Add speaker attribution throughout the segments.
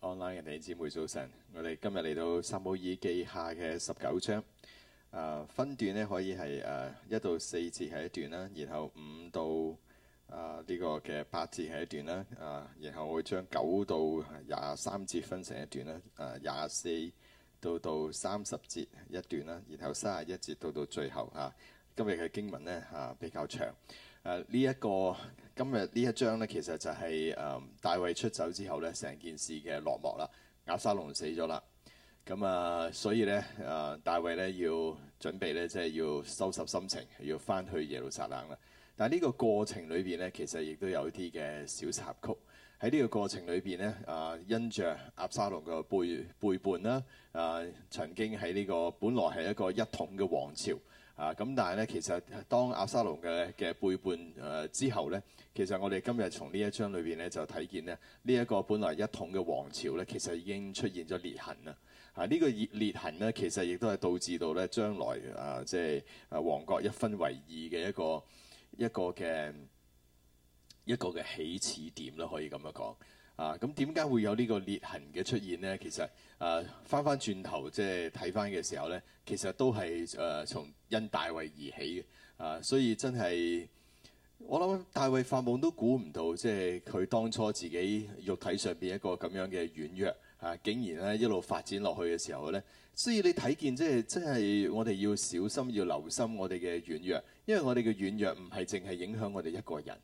Speaker 1: online 嘅弟兄姊妹早晨，我哋今日嚟到撒母耳記下嘅十九章、啊。分段呢可以係誒一到四節係一段啦，然後五到啊呢、這個嘅八節係一段啦，啊然後我會將九到廿三節分成一段啦，啊廿四到到三十節一段啦，然後三十一節到到最後吓、啊，今日嘅經文呢吓、啊、比較長。誒呢、啊、一個今日呢一章呢，其實就係、是、誒、呃、大衛出走之後呢成件事嘅落幕啦。押沙龍死咗啦，咁啊，所以呢，誒、呃、大衛呢要準備呢，即係要收拾心情，要翻去耶路撒冷啦。但係呢個過程裏邊呢，其實亦都有一啲嘅小插曲。喺呢個過程裏邊呢，啊、呃、因着押沙龍個背背叛啦，啊、呃、曾經喺呢、這個本來係一個一統嘅王朝。啊，咁但係咧，其實當押沙龍嘅嘅背叛誒、呃、之後咧，其實我哋今日從呢一章裏邊咧就睇見咧，呢、這、一個本來一統嘅王朝咧，其實已經出現咗裂痕啦。啊，呢、這個裂裂痕咧，其實亦都係導致到咧將來啊，即係啊，王國一分為二嘅一個一個嘅一個嘅起始點啦，可以咁樣講。啊，咁點解會有呢個裂痕嘅出現咧？其實。啊，翻翻轉頭即係睇翻嘅時候呢，其實都係誒、呃、從因大衛而起嘅啊，所以真係我諗大衛發夢都估唔到，即係佢當初自己肉體上邊一個咁樣嘅軟弱啊，竟然咧一路發展落去嘅時候呢。所以你睇見即係真係我哋要小心，要留心我哋嘅軟弱，因為我哋嘅軟弱唔係淨係影響我哋一個人。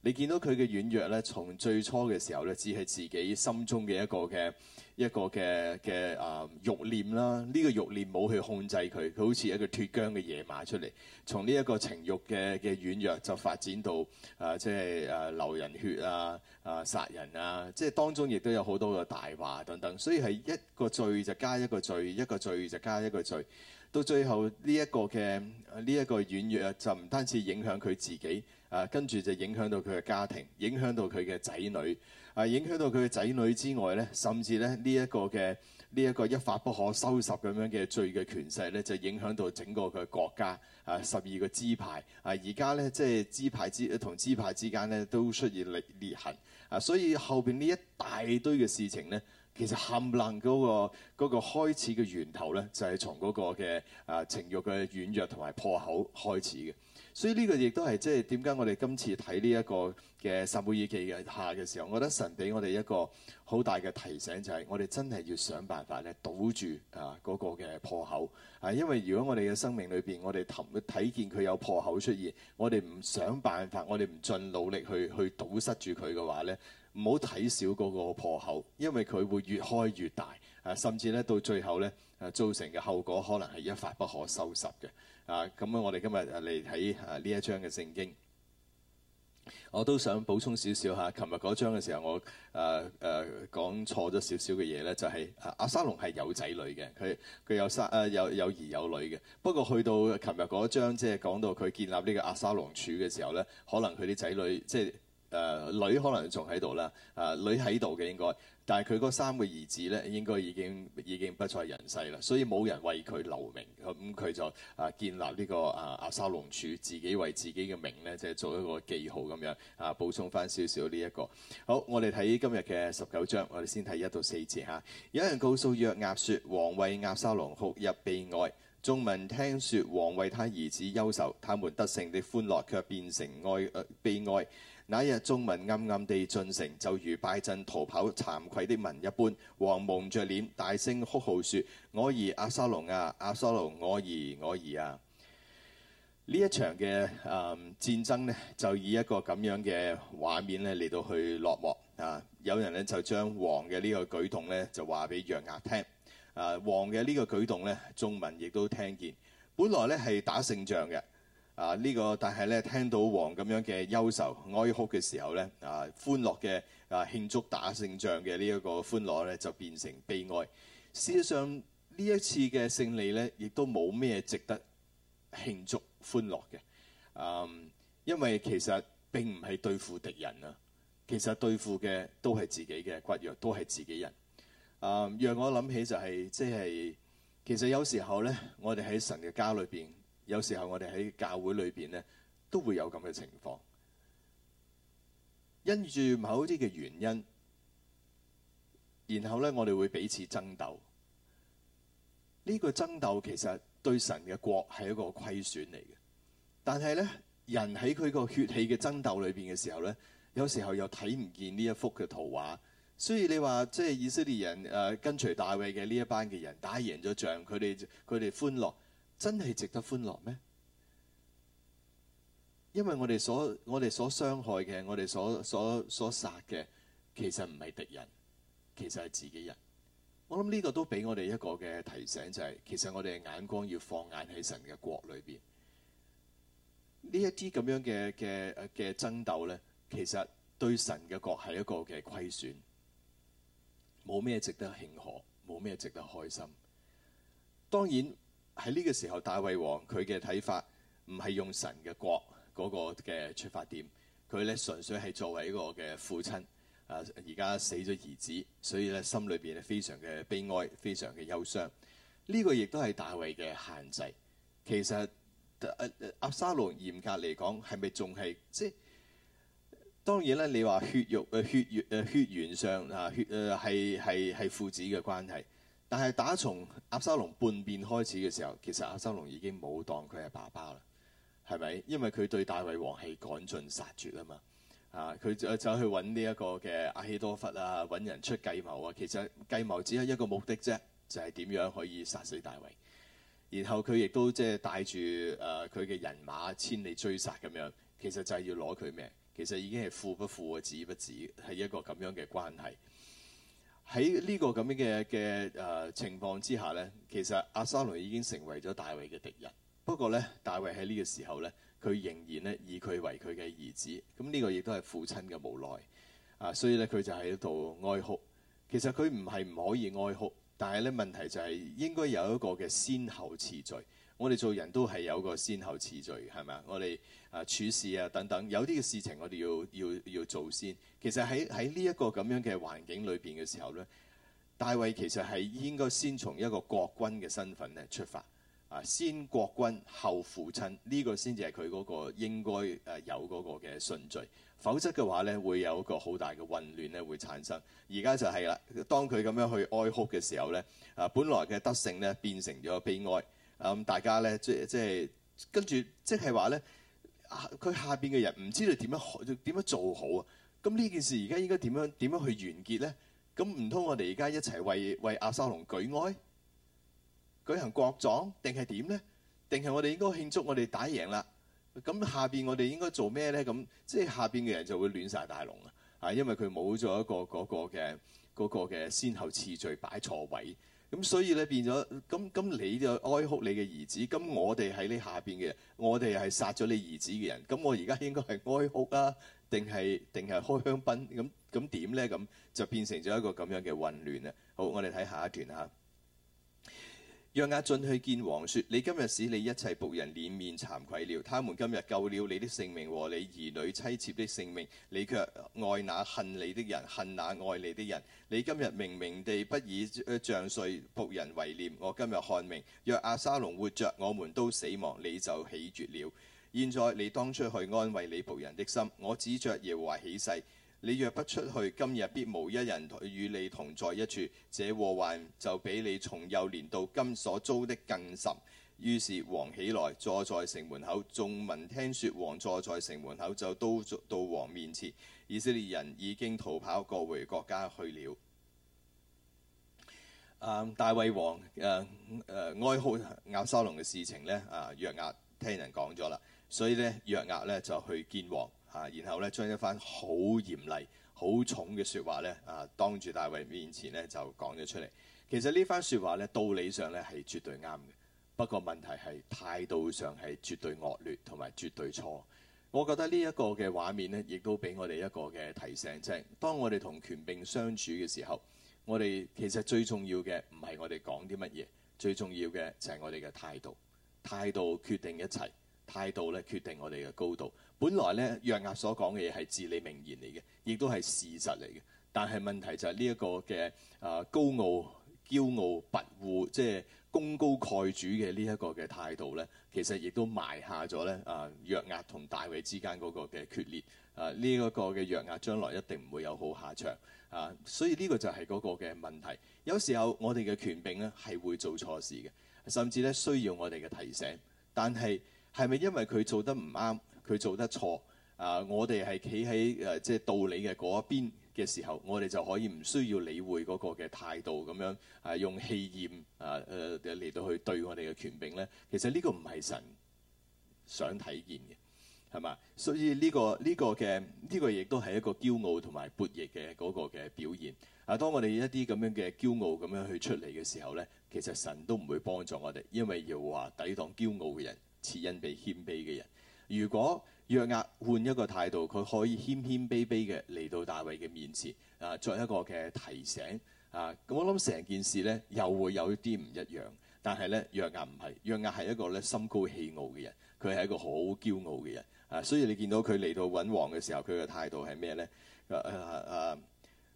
Speaker 1: 你見到佢嘅軟弱呢，從最初嘅時候呢，只係自己心中嘅一個嘅。一個嘅嘅啊慾念啦，呢、這個慾念冇去控制佢，佢好似一個脫韁嘅野馬出嚟，從呢一個情慾嘅嘅軟弱就發展到啊、呃、即係啊流人血啊啊、呃、殺人啊，即係當中亦都有好多個大話等等，所以係一個罪就加一個罪，一個罪就加一個罪，到最後呢一個嘅呢一個軟弱就唔單止影響佢自己啊，跟住就影響到佢嘅家庭，影響到佢嘅仔女。係、啊、影響到佢嘅仔女之外咧，甚至咧呢一、這個嘅呢一個一發不可收拾咁樣嘅罪嘅權勢咧，就影響到整個佢國家啊十二個支派啊，而家咧即係支派之同支派之間咧都出現裂裂痕啊，所以後邊呢一大堆嘅事情咧，其實冚唪唥嗰個嗰、那個開始嘅源頭咧，就係從嗰個嘅啊情欲嘅軟弱同埋破口開始嘅。所以呢個亦都係即係點解我哋今次睇呢一個嘅撒母耳記嘅下嘅時候，我覺得神俾我哋一個好大嘅提醒，就係、是、我哋真係要想辦法咧堵住啊嗰個嘅破口啊！因為如果我哋嘅生命裏邊，我哋睇見佢有破口出現，我哋唔想辦法，我哋唔盡努力去去堵塞住佢嘅話呢，唔好睇小嗰個破口，因為佢會越開越大啊！甚至呢，到最後呢，造成嘅後果可能係一發不可收拾嘅。啊，咁樣我哋今日嚟睇啊呢一章嘅聖經，我都想補充少少嚇。琴日嗰章嘅時候我，我誒誒講錯咗少少嘅嘢咧，就係、是、阿沙龍係有仔女嘅，佢佢有沙誒、啊、有有兒有女嘅。不過去到琴日嗰章，即、就、係、是、講到佢建立呢個阿沙龍柱嘅時候咧，可能佢啲仔女即係。就是誒、呃、女可能仲喺度啦，誒、呃、女喺度嘅應該，但係佢嗰三個兒子咧，應該已經已經不在人世啦，所以冇人為佢留名咁，佢、嗯、就誒建立呢、這個誒押、呃、沙龍柱，自己為自己嘅名咧，即係做一個記號咁樣啊、呃，補充返少少呢一個。好，我哋睇今日嘅十九章，我哋先睇一到四節嚇。有人告訴約押說：王為押沙龍哭泣悲哀。眾民聽說王為他兒子憂愁，他們得勝的歡樂卻變成哀悲哀。呃那一日眾民暗暗地進城，就如敗陣逃跑，慚愧的民一般。王蒙着臉，大聲哭號說，說我兒押沙龍啊，押沙龍，我兒，我兒啊！呢一場嘅誒、嗯、戰爭呢，就以一個咁樣嘅畫面呢嚟到去落幕啊！有人呢，就將王嘅呢個舉動呢，就話俾約押聽，誒王嘅呢個舉動呢，眾民亦都聽見。本來呢，係打勝仗嘅。啊！這個、呢個但係咧，聽到王咁樣嘅憂愁、哀哭嘅時候咧，啊歡樂嘅啊慶祝打勝仗嘅呢一個歡樂咧，就變成悲哀。事實上呢一次嘅勝利咧，亦都冇咩值得慶祝歡樂嘅。嗯、啊，因為其實並唔係對付敵人啊，其實對付嘅都係自己嘅骨肉，都係自己人。啊，讓我諗起就係、是、即係其實有時候咧，我哋喺神嘅家裏面。有時候我哋喺教會裏邊咧，都會有咁嘅情況，因住某啲嘅原因，然後咧我哋會彼此爭鬥。呢個爭鬥其實對神嘅國係一個虧損嚟嘅。但係咧，人喺佢個血氣嘅爭鬥裏邊嘅時候咧，有時候又睇唔見呢一幅嘅圖畫。所以你話即係以色列人誒、呃，跟隨大衛嘅呢一班嘅人打贏咗仗，佢哋佢哋歡樂。真係值得歡樂咩？因為我哋所我哋所傷害嘅，我哋所我所所殺嘅，其實唔係敵人，其實係自己人。我諗呢個都俾我哋一個嘅提醒，就係、是、其實我哋嘅眼光要放眼喺神嘅國裏邊。這這呢一啲咁樣嘅嘅嘅爭鬥呢，其實對神嘅國係一個嘅虧損，冇咩值得慶賀，冇咩值得開心。當然。喺呢個時候，大衛王佢嘅睇法唔係用神嘅國嗰個嘅出發點，佢咧純粹係作為一個嘅父親。啊，而家死咗兒子，所以咧心裏邊係非常嘅悲哀，非常嘅憂傷。呢、這個亦都係大衛嘅限制。其實、啊啊、押沙龍嚴格嚟講，係咪仲係即係？當然咧，你話血肉、誒血血血緣上啊，血誒係係係父子嘅關係。但係打從押沙龍叛變開始嘅時候，其實押沙龍已經冇當佢係爸爸啦，係咪？因為佢對大衛王係趕盡殺絕啊嘛，啊佢就走去揾呢一個嘅亞希多弗啊，揾人出計謀啊。其實計謀只係一個目的啫，就係點樣可以殺死大衛。然後佢亦都即係帶住誒佢嘅人馬千里追殺咁樣，其實就係要攞佢命。其實已經係父不父啊，子不子，係一個咁樣嘅關係。喺呢個咁樣嘅嘅誒情況之下咧，其實押沙龍已經成為咗大衛嘅敵人。不過咧，大衛喺呢個時候咧，佢仍然咧以佢為佢嘅兒子。咁呢個亦都係父親嘅無奈啊！所以咧，佢就喺度哀哭。其實佢唔係唔可以哀哭。但係咧，問題就係應該有一個嘅先後次序。我哋做人都係有一個先後次序，係咪啊？我哋啊處事啊等等，有啲嘅事情我哋要要要做先。其實喺喺呢一個咁樣嘅環境裏邊嘅時候咧，大衛其實係應該先從一個國君嘅身份咧出發。啊，先國君後父親，呢、呢個先至係佢嗰個應該有嗰個嘅順序，否則嘅話咧，會有一個好大嘅混亂咧，會產生。而家就係啦，當佢咁樣去哀哭嘅時候咧，啊，本來嘅得勝咧變成咗悲哀。咁、嗯、大家咧，即即係跟住，即係話咧，佢下邊嘅人唔知道點樣點樣做好啊。咁呢件事而家應該點樣點樣去完結咧？咁唔通我哋而家一齊為為押沙龍舉哀？舉行國葬定係點呢？定係我哋應該慶祝我哋打贏啦？咁下邊我哋應該做咩呢？咁即係下邊嘅人就會亂晒大龍啊！啊，因為佢冇咗一個嗰個嘅嗰個嘅先後次序擺錯位，咁所以咧變咗咁咁你就哀哭你嘅兒子，咁我哋喺呢下邊嘅人，我哋係殺咗你兒子嘅人，咁我而家應該係哀哭啊？定係定係開香檳？咁咁點呢？咁就變成咗一個咁樣嘅混亂啊！好，我哋睇下一段嚇。約押進去見王，説：你今日使你一切僕人臉面慚愧了，他們今日救了你的性命和你兒女妻妾的性命，你卻愛那恨你的人，恨那愛你的人。你今日明明地不以將帥僕人為念，我今日看明。若押沙龍活着，我們都死亡，你就喜悅了。現在你當出去安慰你僕人的心，我指着耶和華起誓。你若不出去，今日必無一人同與你同在一處。這禍患就比你從幼年到今所遭的更甚。於是王起來坐在城門口，眾民聽說王坐在城門口，就都到，到王面前。以色列人已經逃跑各回國家去了。啊，大衛王誒誒哀號押沙龍嘅事情呢，啊，約押聽人講咗啦，所以呢，約押呢，就去見王。啊，然後咧，將一番好嚴厲、好重嘅説話咧，啊，當住大衞面前咧，就講咗出嚟。其實呢番説話咧，道理上咧係絕對啱嘅。不過問題係態度上係絕對惡劣同埋絕對錯。我覺得呢一個嘅畫面咧，亦都俾我哋一個嘅提醒，即係當我哋同權柄相處嘅時候，我哋其實最重要嘅唔係我哋講啲乜嘢，最重要嘅就係我哋嘅態度，態度決定一切。態度咧，決定我哋嘅高度。本來咧，約押所講嘅嘢係至理名言嚟嘅，亦都係事實嚟嘅。但係問題就係呢一個嘅啊，高傲、驕傲、跋扈，即係功高蓋主嘅呢一個嘅態度咧，其實亦都埋下咗咧啊，約押同大衛之間嗰個嘅決裂啊，呢一個嘅約押將來一定唔會有好下場啊，所以呢個就係嗰個嘅問題。有時候我哋嘅權柄咧係會做錯事嘅，甚至咧需要我哋嘅提醒，但係。係咪因為佢做得唔啱，佢做得錯啊？我哋係企喺誒即係道理嘅嗰一邊嘅時候，我哋就可以唔需要理會嗰個嘅態度咁樣係、啊啊、用氣焰啊誒嚟、啊、到去對我哋嘅權柄咧。其實呢個唔係神想體現嘅，係嘛？所以呢、這個呢、這個嘅呢、這個亦都係一個驕傲同埋悖逆嘅嗰個嘅表現啊。當我哋一啲咁樣嘅驕傲咁樣去出嚟嘅時候咧，其實神都唔會幫助我哋，因為要話抵擋驕傲嘅人。賜恩俾謙卑嘅人，如果約押換一個態度，佢可以謙謙卑卑嘅嚟到大衛嘅面前啊，作一個嘅提醒啊。咁我諗成件事呢，又會有一啲唔一樣，但係呢，約押唔係約押係一個呢，心高氣傲嘅人，佢係一個好驕傲嘅人啊。所以你見到佢嚟到揾王嘅時候，佢嘅態度係咩呢？啊啊啊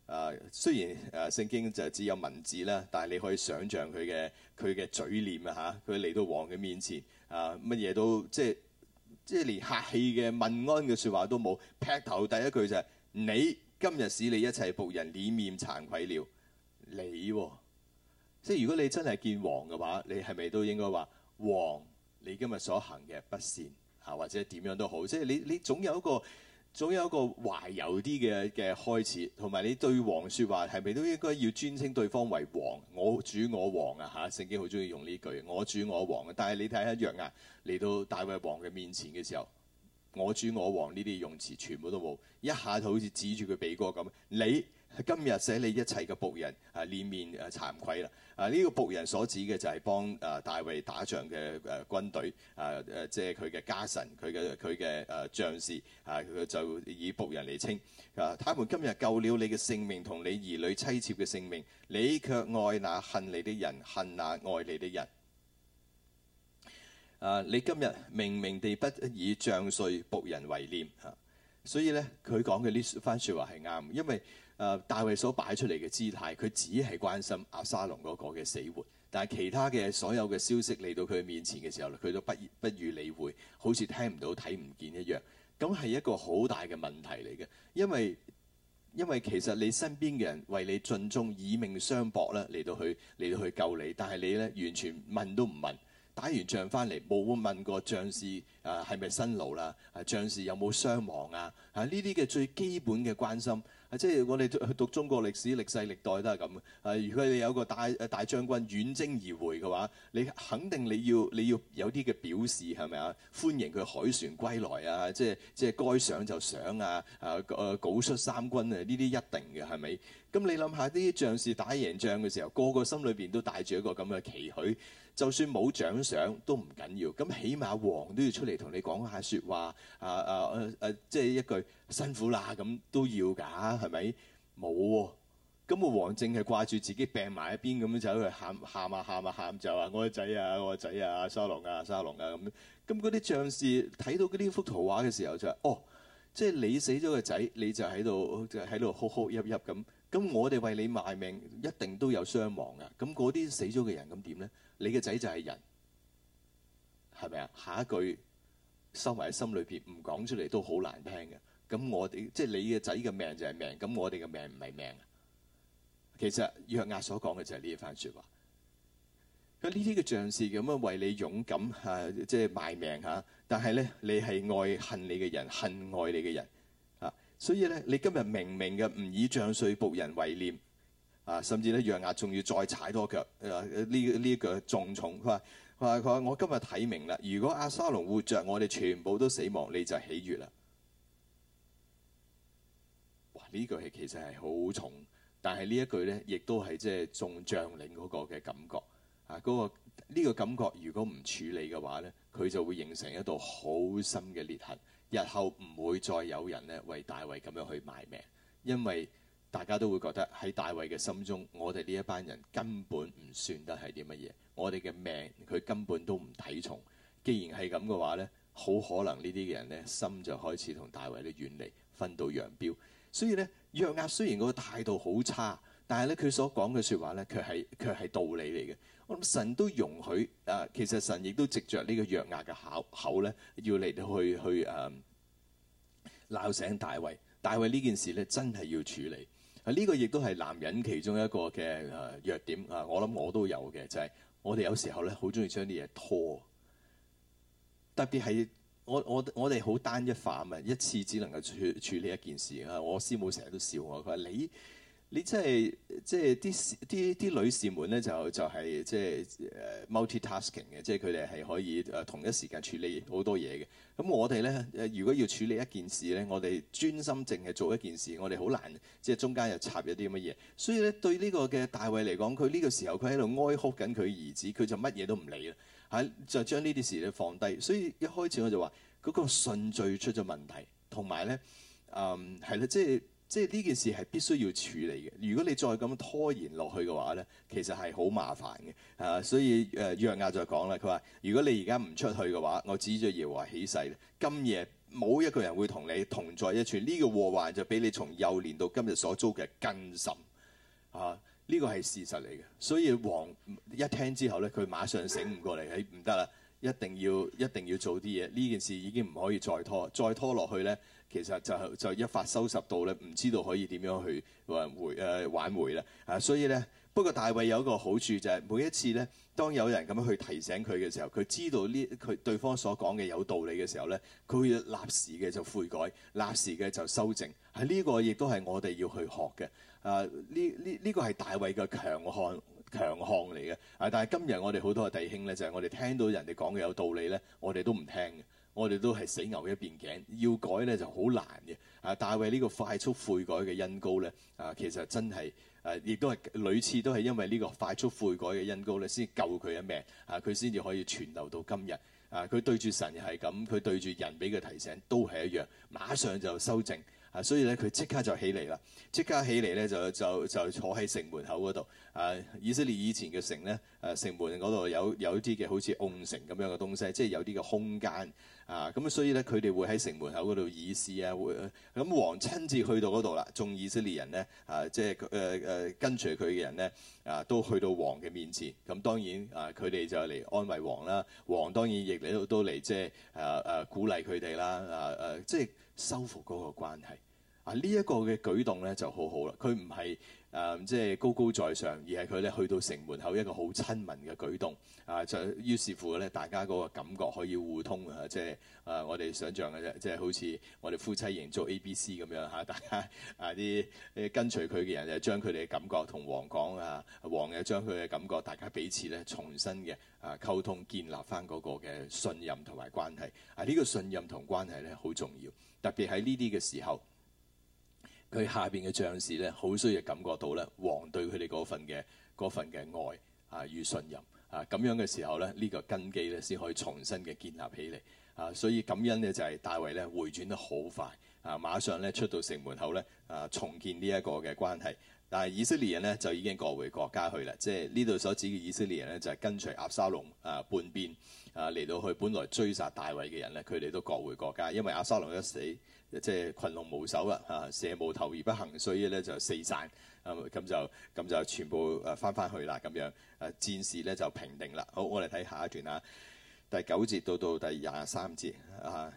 Speaker 1: 啊！雖然啊聖經就只有文字啦，但係你可以想像佢嘅佢嘅嘴臉啊。嚇，佢嚟到王嘅面前。啊！乜嘢都即係即係連客氣嘅問安嘅説話都冇，劈頭第一句就係、是、你今日使你一切僕人臉面慚愧了，你、哦、即係如果你真係見王嘅話，你係咪都應該話王你今日所行嘅不善嚇、啊，或者點樣都好，即係你你總有一個。總有一個懷柔啲嘅嘅開始，同埋你對王説話係咪都應該要尊稱對方為王？我主我王啊嚇！聖、啊、經好中意用呢句我主我王嘅、啊，但係你睇下約押嚟到大衛王嘅面前嘅時候，我主我王呢啲用詞全部都冇，一下就好似指住佢鼻哥咁你。今日使你一切嘅僕人啊，臉面啊慚愧啦！啊，呢、啊這個僕人所指嘅就係幫啊大衛打仗嘅誒軍隊啊誒、啊，即係佢嘅家臣、佢嘅佢嘅誒將士啊，佢、啊、就以僕人嚟稱啊。他們今日救了你嘅性命同你兒女妻妾嘅性命，你卻愛那恨你的人，恨那愛你的人啊！你今日明明地不以將帥、僕人為念啊，所以咧，佢講嘅呢番説話係啱，因為。誒、啊、大衛所擺出嚟嘅姿態，佢只係關心阿、啊、沙龍嗰個嘅死活，但係其他嘅所有嘅消息嚟到佢面前嘅時候，佢都不不予理會，好似聽唔到、睇唔見一樣。咁係一個好大嘅問題嚟嘅，因為因為其實你身邊嘅人為你盡忠、以命相搏啦，嚟到去嚟到去救你，但係你呢，完全問都唔問，打完仗翻嚟冇問過將士誒係咪辛勞啦，係、啊、將士有冇傷亡啊？嚇呢啲嘅最基本嘅關心。即係我哋讀中國歷史歷世歷代都係咁。啊，如果你有個大大將軍遠征而回嘅話，你肯定你要你要有啲嘅表示係咪啊？歡迎佢凱旋歸來啊！即係即係該賞就賞啊！啊誒，犒出三軍啊！呢啲一定嘅係咪？咁你諗下呢啲將士打贏仗嘅時候，個個心裏邊都帶住一個咁嘅期許。就算冇獎賞都唔緊要，咁起碼王都要出嚟同你講下説話啊啊！誒、啊、誒、啊啊，即係一句辛苦啦，咁都要㗎，係咪冇喎？咁個、哦、王淨係掛住自己病埋一邊，咁樣就喺度喊喊啊喊啊喊，就話、啊啊啊、我個仔啊，我個仔啊，沙龍啊，沙龍啊咁。咁嗰啲將士睇到啲幅圖畫嘅時候就話：哦，即係你死咗個仔，你就喺度就喺度哭哭泣泣咁。咁、嗯嗯、我哋為你賣命，一定都有傷亡㗎。咁嗰啲死咗嘅人，咁點咧？你嘅仔就係人，係咪啊？下一句收埋喺心裏邊，唔講出嚟都好難聽嘅。咁我哋即係你嘅仔嘅命就係命，咁我哋嘅命唔係命啊。其實約押所講嘅就係呢一番説話。咁呢啲嘅將士咁樣為你勇敢嚇，即係賣命嚇。但係咧，你係愛恨你嘅人，恨愛你嘅人嚇。所以咧，你今日明明嘅唔以將帥僕人為念。啊，甚至咧，約押仲要再踩多腳，誒、啊，呢呢腳重重，佢話，佢話，佢話，我今日睇明啦，如果押沙龍活着，我哋全部都死亡，你就喜悅啦。哇！呢句係其實係好重，但係呢一句咧，亦都係即係中將領嗰個嘅感覺。啊，嗰、這個呢、這個感覺如果唔處理嘅話咧，佢就會形成一道好深嘅裂痕，日後唔會再有人咧為大衛咁樣去賣命，因為。大家都會覺得喺大衛嘅心中，我哋呢一班人根本唔算得係啲乜嘢，我哋嘅命佢根本都唔睇重。既然係咁嘅話呢好可能呢啲嘅人呢心就開始同大衛咧遠離，分道揚鑣。所以呢，約押雖然個態度好差，但係呢，佢所講嘅説話呢，卻係卻係道理嚟嘅。我諗神都容許啊，其實神亦都藉着呢個約押嘅口口咧，要嚟去去誒、啊、鬧醒大衛。大衛呢件事呢，真係要處理。呢個亦都係男人其中一個嘅誒弱點啊！我諗我都有嘅，就係、是、我哋有時候咧，好鍾意將啲嘢拖，特別係我我我哋好單一化啊！一次只能夠處處理一件事啊！我師母成日都笑我，佢話你。你真係即係即係啲啲啲女士們咧，就就係即係誒 multi-tasking 嘅，即係佢哋係可以誒同一時間處理好多嘢嘅。咁我哋咧，誒如果要處理一件事咧，我哋專心淨係做一件事，我哋好難即係中間又插咗啲乜嘢。所以咧，對呢個嘅大衛嚟講，佢呢個時候佢喺度哀哭緊佢兒子，佢就乜嘢都唔理啦，喺就將呢啲事放低。所以一開始我就話嗰個順序出咗問題，同埋咧誒係啦，即係。即係呢件事係必須要處理嘅。如果你再咁拖延落去嘅話呢，其實係好麻煩嘅。啊，所以誒，約押就講啦，佢話：如果你而家唔出去嘅話，我指住耶和華起誓，今夜冇一個人會同你同在一處。呢個禍患就比你從幼年到今日所遭嘅更甚。啊，呢個係事實嚟嘅。所以王一聽之後呢，佢馬上醒唔過嚟，誒唔得啦，一定要一定要做啲嘢。呢件事已經唔可以再拖，再拖落去呢。其實就就一發收拾到咧，唔知道可以點樣去話、呃、回誒挽、呃、回咧啊！所以咧，不過大衛有一個好處就係每一次咧，當有人咁樣去提醒佢嘅時候，佢知道呢佢對方所講嘅有道理嘅時候咧，佢會立時嘅就悔改，立時嘅就修正。係、啊、呢、呢個亦都係我哋要去學嘅啊！呢呢呢個係大衛嘅強項強項嚟嘅啊！但係今日我哋好多弟兄咧，就係、係、我哋聽到人哋講嘅有道理咧，我哋都唔聽嘅。我哋都係死牛一邊頸，要改咧就好難嘅。啊，大衛呢個快速悔改嘅恩膏咧，啊，其實真係誒，亦、啊、都係屢次都係因為呢個快速悔改嘅恩膏咧，先救佢一命。啊，佢先至可以存留到今日。啊，佢對住神係咁，佢對住人俾佢提醒都係一樣，馬上就修正。啊！所以咧，佢即刻就起嚟啦，即刻起嚟咧就就就坐喺城門口嗰度。啊！以色列以前嘅城咧，誒、啊、城門嗰度有有啲嘅好似甕城咁樣嘅東西，即、就、係、是、有啲嘅空間。啊！咁所以咧，佢哋會喺城門口嗰度議事啊，會咁王親自去到嗰度啦，眾、啊、以色列人咧，啊，即係誒誒跟隨佢嘅人咧，啊，都去到王嘅面前。咁、啊、當然啊，佢哋就嚟安慰王啦、啊。王當然亦嚟到都嚟即係誒誒鼓勵佢哋啦。啊誒、啊啊啊，即係。收復嗰個關係啊！呢、這、一個嘅舉動咧就好好啦，佢唔係誒即係高高在上，而係佢咧去到城門口一個好親民嘅舉動啊！就於是乎咧，大家嗰個感覺可以互通啊！即係誒我哋想象嘅啫，即、就、係、是、好似我哋夫妻營做 A、B、C 咁樣嚇，大家啊啲誒、啊、跟隨佢嘅人就將佢哋嘅感覺同王講啊，王又將佢嘅感覺，大家彼此咧重新嘅啊溝通建立翻嗰個嘅信任同埋關係啊！呢、這個信任同關係咧好重要。特別喺呢啲嘅時候，佢下邊嘅將士咧，好需要感覺到咧，王對佢哋嗰份嘅份嘅愛啊與信任啊，咁樣嘅時候咧，呢個根基咧先可以重新嘅建立起嚟啊！所以感恩呢，就係大衛咧回轉得好快啊，馬上咧出到城門口咧啊，重建呢一個嘅關係。但係以色列人呢，就已經各回國家去啦，即係呢度所指嘅以色列人呢，就係跟隨押沙龍啊叛變。啊，嚟到去本來追殺大衛嘅人咧，佢哋都各回各家，因為押沙龍一死，即係群龍無首啦，啊，蛇無頭而不行呢，所以咧就四散，咁、啊、就咁就全部誒翻返去啦，咁樣誒、啊、戰事咧就平定啦。好，我哋睇下一段啊，第九節到到第廿三節啊。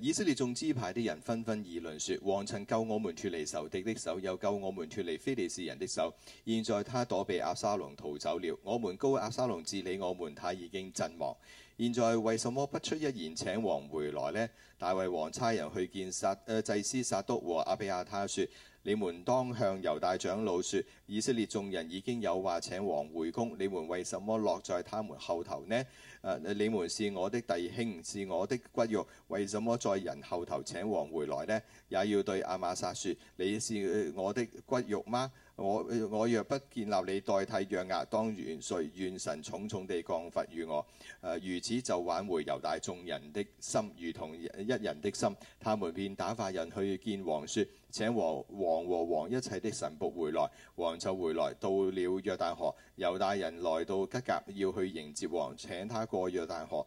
Speaker 1: 以色列眾支派啲人紛紛議論說：王曾救我們脫離仇敵的手，又救我們脫離非利士人的手。現在他躲避押沙龍逃走了，我們膏押沙龍治理我們，他已經陣亡。現在為什麼不出一言請王回來呢？大衛王差人去見撒、呃、祭司撒督和阿比亞他說。你們當向猶大長老説：以色列眾人已經有話請王回宮，你們為什麼落在他們後頭呢？呃，你們是我的弟兄，是我的骨肉，為什麼在人後頭請王回來呢？也要對亞瑪撒説：你是我的骨肉嗎？我，我若不建立你代替約押當元帥，願神重重地降罰於我。呃，如此就挽回猶大眾人的心，如同一人的心。他們便打發人去見王説。請王、王和王一切的臣僕回來，王就回來到了約旦河，猶大人來到吉甲要去迎接王，請他過約旦河。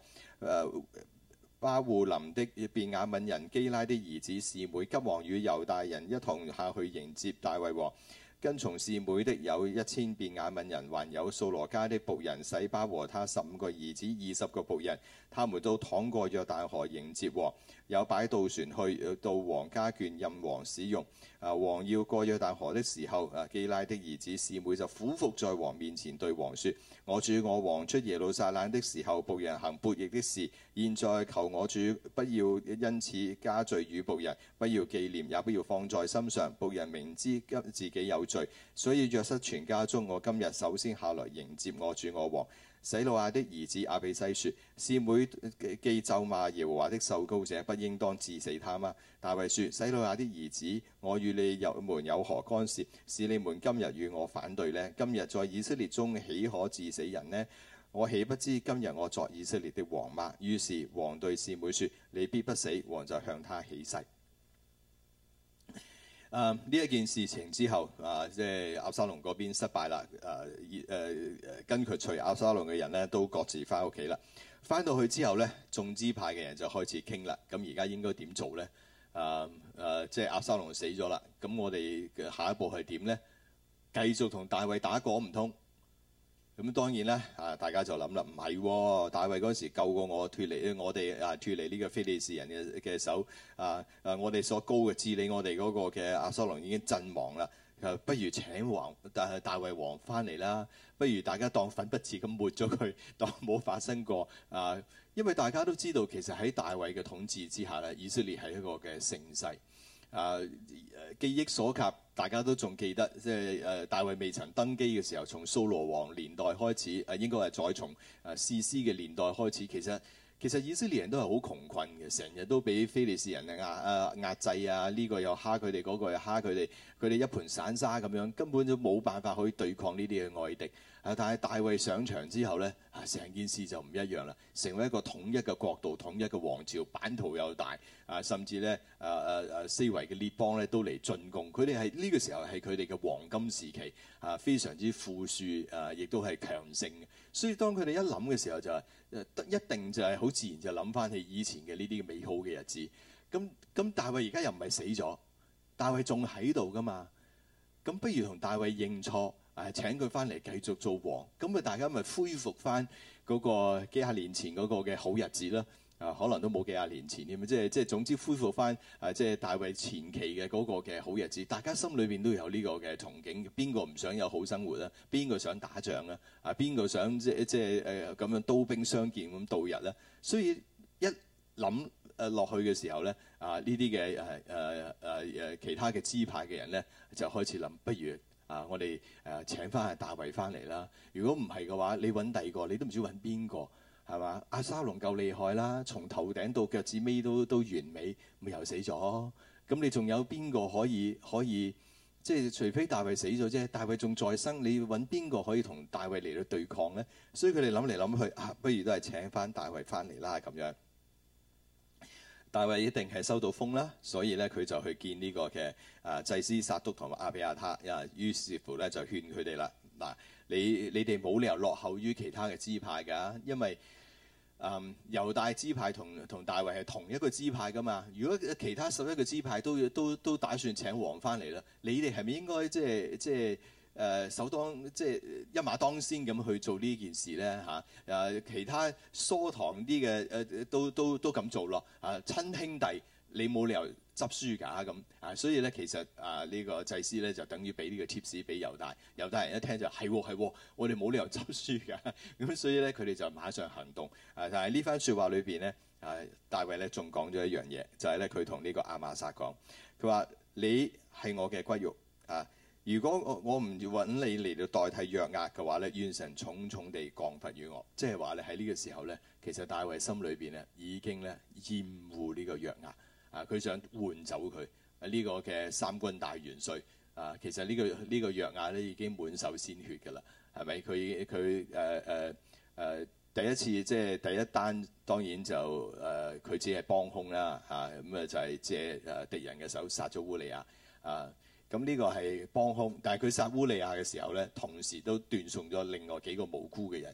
Speaker 1: 巴、呃、戶林的別雅敏人基拉的兒子侍妹跟王與猶大人一同下去迎接大衛王，跟從侍妹的有一千別雅敏人，還有掃羅家的僕人洗巴和他十五個兒子、二十個僕人。他們都躺過約旦河迎接王，有擺渡船去到王家眷任王使用。啊，王要過約旦河的時候，啊，基拉的兒子示每就俯伏在王面前對王説：我主我王出耶路撒冷的時候，僕人行悖逆的事，現在求我主不要因此加罪與僕人，不要記念，也不要放在心上。僕人明知自己有罪，所以約瑟全家中，我今日首先下來迎接我主我王。洗魯亞、啊、的兒子亞比篩說：示每既咒罵耶和華的受膏者，不應當治死他嗎？大衛說：洗魯亞、啊、的兒子，我與你有門有何干涉？使你們今日與我反對呢？今日在以色列中豈可治死人呢？我豈不知今日我作以色列的王嗎？於是王對示每說：你必不死。王就向他起誓。啊！呢一件事情之後，啊，即係押沙龍嗰邊失敗啦。啊，以、啊、誒跟佢除押沙龍嘅人咧，都各自翻屋企啦。翻到去之後咧，眾支派嘅人就開始傾啦。咁而家應該點做咧？啊啊！即係押沙龍死咗啦。咁我哋嘅下一步係點咧？繼續同大衛打過唔通。咁當然啦，啊大家就諗啦，唔係、哦、大衛嗰時救過我脱離，我哋啊脱離呢個菲利士人嘅嘅手啊！啊，我哋所高嘅治理我哋嗰個嘅阿索隆已經陣亡啦，不如請王，但、啊、係大衛王翻嚟啦，不如大家當粉不治咁抹咗佢，當冇發生過啊！因為大家都知道，其實喺大衛嘅統治之下咧，以色列係一個嘅盛世。啊！記憶所及，大家都仲記得，即係誒、啊、大衛未曾登基嘅時候，從掃羅王年代開始，誒、啊、應該係再從誒士師嘅年代開始，其實。其實以色列人都係好窮困嘅，成日都俾非利士人壓誒、呃、壓制啊！呢、這個又蝦佢哋，嗰、那個又蝦佢哋，佢哋一盤散沙咁樣，根本就冇辦法可以對抗呢啲嘅外敵。啊！但係大衛上場之後呢，啊成件事就唔一樣啦，成為一個統一嘅國度、統一嘅王朝，版圖又大啊！甚至呢，誒誒誒四圍嘅列邦呢都嚟進攻。佢哋係呢個時候係佢哋嘅黃金時期啊，非常之富庶啊，亦都係強盛。所以當佢哋一諗嘅時候，就係誒一定就係好自然就諗翻起以前嘅呢啲美好嘅日子。咁咁大衛而家又唔係死咗，大衛仲喺度噶嘛？咁不如同大衛認錯，誒請佢翻嚟繼續做王，咁咪大家咪恢復翻嗰個幾廿年前嗰個嘅好日子啦。啊，可能都冇幾廿年前添，即係即係總之恢復翻啊！即係大衛前期嘅嗰個嘅好日子，大家心裏邊都有呢個嘅憧憬。邊個唔想有好生活啊？邊個想打仗啊？啊，邊個想即係即係誒咁樣刀兵相見咁度日咧？所以一諗誒落去嘅時候咧，啊呢啲嘅誒誒誒誒其他嘅支派嘅人咧，就開始諗，不如啊我哋誒請翻阿大衛翻嚟啦！如果唔係嘅話，你揾第二個，你都唔知揾邊個。係嘛？阿、啊、沙龍夠厲害啦，從頭頂到腳趾尾都都完美，咪又死咗。咁你仲有邊個可以可以即係、就是、除非大衛死咗啫，大衛仲在生，你要揾邊個可以同大衛嚟到對抗呢？所以佢哋諗嚟諗去，啊不如都係請翻大衛翻嚟啦咁樣。大衛一定係收到風啦，所以咧佢就去見呢個嘅啊祭司撒督同埋亞比亞他，啊於是乎咧就勸佢哋啦嗱。你你哋冇理由落後於其他嘅支派噶，啊，因為誒猶、呃、大支派同同大衛係同一個支派噶嘛。如果其他十一個支派都都都打算請王翻嚟啦，你哋係咪應該即係即係誒、呃、首當即係一馬當先咁去做呢件事咧吓？誒、啊、其他疏堂啲嘅誒都都都咁做咯，啊親兄弟，你冇理由。執輸㗎咁啊！所以咧，其實啊，呢、這個祭司咧就等於俾呢個 tips 俾猶大，猶大人一聽就係喎係喎，我哋冇理由執輸㗎。咁、啊、所以咧，佢哋就馬上行動啊！但係呢番説話裏邊咧，啊，大衛咧仲講咗一樣嘢，就係咧佢同呢個亞瑪撒講，佢話你係我嘅骨肉啊！如果我我唔搵你嚟到代替約押嘅話咧，願神重重地降罰與我。即係話咧喺呢個時候咧，其實大衛心裏邊咧已經咧厭惡呢，呢個約押。啊啊啊啊啊啊啊啊啊！佢想換走佢啊！呢、這個嘅三軍大元帥啊，其實呢、這個呢、這個約押咧已經滿手鮮血㗎啦，係咪？佢佢誒誒誒，第一次即係第一單，當然就誒佢、呃、只係幫兇啦嚇，咁啊就係借誒敵人嘅手殺咗烏利亞啊！咁、嗯、呢、就是啊嗯這個係幫兇，但係佢殺烏利亞嘅時候咧，同時都斷送咗另外幾個無辜嘅人。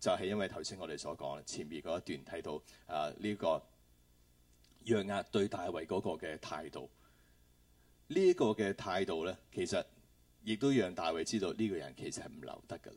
Speaker 1: 就係因為頭先我哋所講前面嗰一段睇到啊呢、這個約押對大衛嗰個嘅態度，呢、這、一個嘅態度咧，其實亦都讓大衛知道呢個人其實係唔留得噶，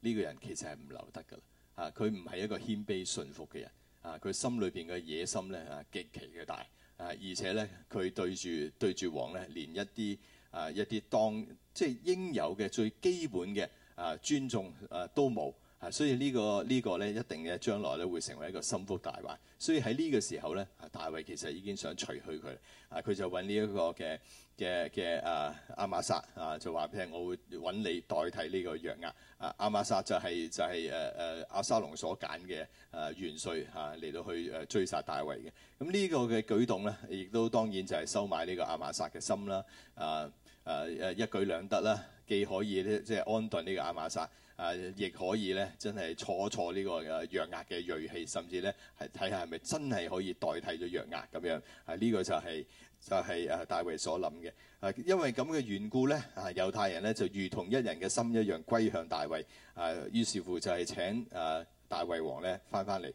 Speaker 1: 呢、這個人其實係唔留得噶啦。啊，佢唔係一個謙卑信服嘅人啊，佢心裏邊嘅野心咧啊極其嘅大啊，而且咧佢對住對住王咧，連一啲啊一啲當即係、就是、應有嘅最基本嘅啊尊重啊都冇。啊，所以呢個呢個咧，一定嘅將來咧會成為一個心腹大患。所以喺呢個時候咧，啊，大衛其實已經想除去佢。啊，佢就揾呢一個嘅嘅嘅啊，亞瑪撒啊，就話俾佢聽，我會揾你代替呢個約押。啊，亞瑪撒就係就係誒誒押沙龍所揀嘅誒元帥嚇嚟到去誒追殺大衛嘅。咁呢個嘅舉動咧，亦都當然就係收買呢個亞瑪撒嘅心啦。啊啊誒，一舉兩得啦，既可以咧即係安頓呢個亞瑪撒。誒亦、啊、可以咧，真係挫坐呢、這個約押嘅鋭氣，甚至咧係睇下係咪真係可以代替咗約押咁樣。誒、啊、呢、這個就係、是、就係、是、誒、啊、大衛所諗嘅。誒、啊、因為咁嘅緣故咧，啊猶太人咧就如同一人嘅心一樣歸向大衛。誒、啊、於是乎就係請誒、啊、大衛王咧翻翻嚟。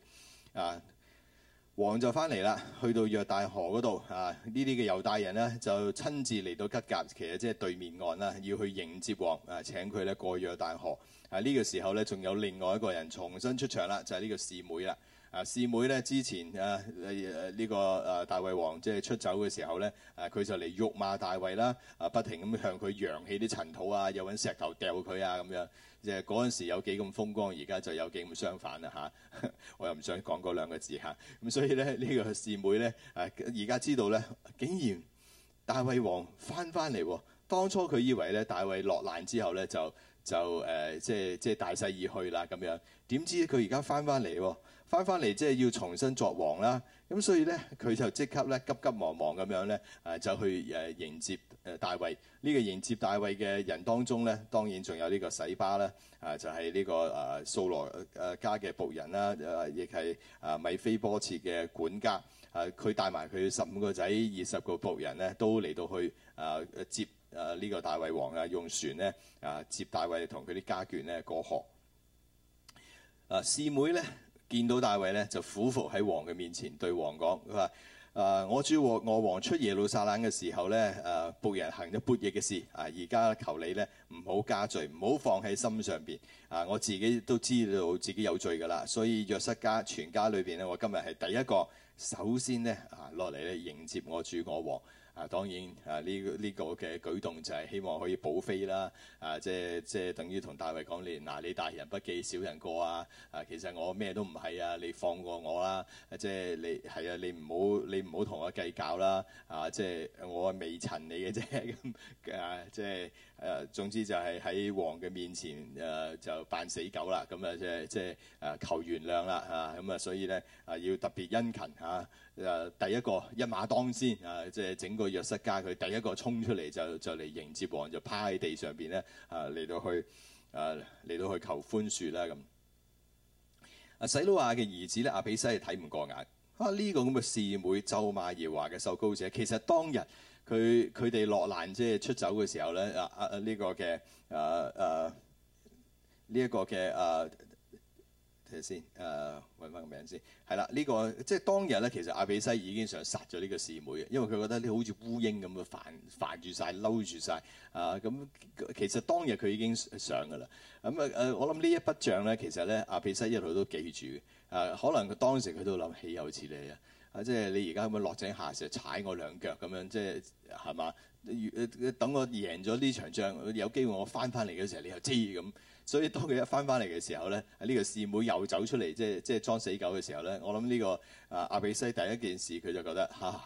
Speaker 1: 啊王就翻嚟啦，去到約旦河嗰度。啊猶呢啲嘅猶大人咧就親自嚟到吉甲，其實即係對面岸啦，要去迎接王。誒請佢咧過約旦河。啊！呢、這個時候咧，仲有另外一個人重新出場啦，就係、是、呢個示每啦。啊，示每咧之前啊，呢、這個啊大衛王即係出走嘅時候咧，啊佢就嚟辱罵大衛啦，啊不停咁向佢揚起啲塵土啊，又揾石頭掉佢啊咁樣。即係嗰陣時有幾咁風光，而家就有幾咁相反啦、啊、嚇、啊。我又唔想講嗰兩個字嚇。咁、啊、所以咧，呢、這個示每咧，啊而家知道咧，竟然大衛王翻翻嚟。當初佢以為咧，大衛落難之後咧就。就就就誒、呃、即係即係大勢已去啦咁樣，點知佢而家返返嚟喎，返返嚟即係要重新作王啦。咁、嗯、所以咧，佢就即刻咧急急忙忙咁樣咧，誒、啊、就去誒、啊、迎接誒大衛。呢、這個迎接大衛嘅人當中咧，當然仲有呢個洗巴啦，誒、啊、就係、是、呢、這個誒掃羅誒家嘅僕人啦，誒、啊、亦係誒、啊、米非波設嘅管家。誒佢帶埋佢十五個仔、二十個僕人咧，都嚟到去誒、啊、接。誒呢、啊這個大衛王啊，用船咧啊接大衛同佢啲家眷咧過河。誒、啊、示每咧見到大衛咧，就俯伏喺王嘅面前對王講：佢話誒我主我王出耶路撒冷嘅時候咧誒僕人行咗悖逆嘅事啊，而家求你咧唔好加罪，唔好放喺心上邊啊！我自己都知道自己有罪噶啦，所以約瑟家全家裏邊咧，我今日係第一個首先呢，啊落嚟嚟迎接我主我王。啊，當然啊，呢、這、呢個嘅、這個、舉動就係希望可以補飛啦。啊，即即等於同大衞講你，嗱、啊，你大人不記小人過啊。啊，其實我咩都唔係啊，你放過我啦。啊、即你係啊，你唔好你唔好同我計較啦。啊，即我未襯你嘅啫。咁啊，即。誒，總之就係喺王嘅面前誒、啊，就扮死狗啦，咁啊即係即係誒求原諒啦嚇，咁啊，啊所以咧啊要特別殷勤嚇，誒、啊、第一個一馬當先啊，即係整個約瑟家佢第一個衝出嚟就就嚟迎接王，就趴喺地上邊咧啊嚟、啊、到去啊嚟到去求寬恕啦咁。阿洗魯雅嘅兒子咧，阿、啊、比篩係睇唔過眼，啊呢、這個咁嘅示每咒罵而華嘅受膏者，其實當日。佢佢哋落難即係出走嘅時候咧啊啊呢、啊啊這個嘅啊啊呢一、這個嘅啊睇下先啊揾翻個名先係啦，呢個即係當日咧，其實阿比西已經想殺咗呢個示每嘅，因為佢覺得你好似烏蠅咁嘅煩煩住晒，嬲住晒。啊咁其實當日佢已經上㗎啦。咁啊誒我諗呢一筆帳咧其實咧阿比西一路都記住嘅誒、啊，可能佢當時佢都諗起豈有此理啊！即係你而家可唔可以落井下石踩我兩腳咁樣？即係係嘛？等我贏咗呢場仗，有機會我返返嚟嘅時候，你又知。咁。所以當佢一返返嚟嘅時候咧，呢個師妹又走出嚟，即係即係裝死狗嘅時候咧，我諗呢個啊、阿比西第一件事佢就覺得嚇。啊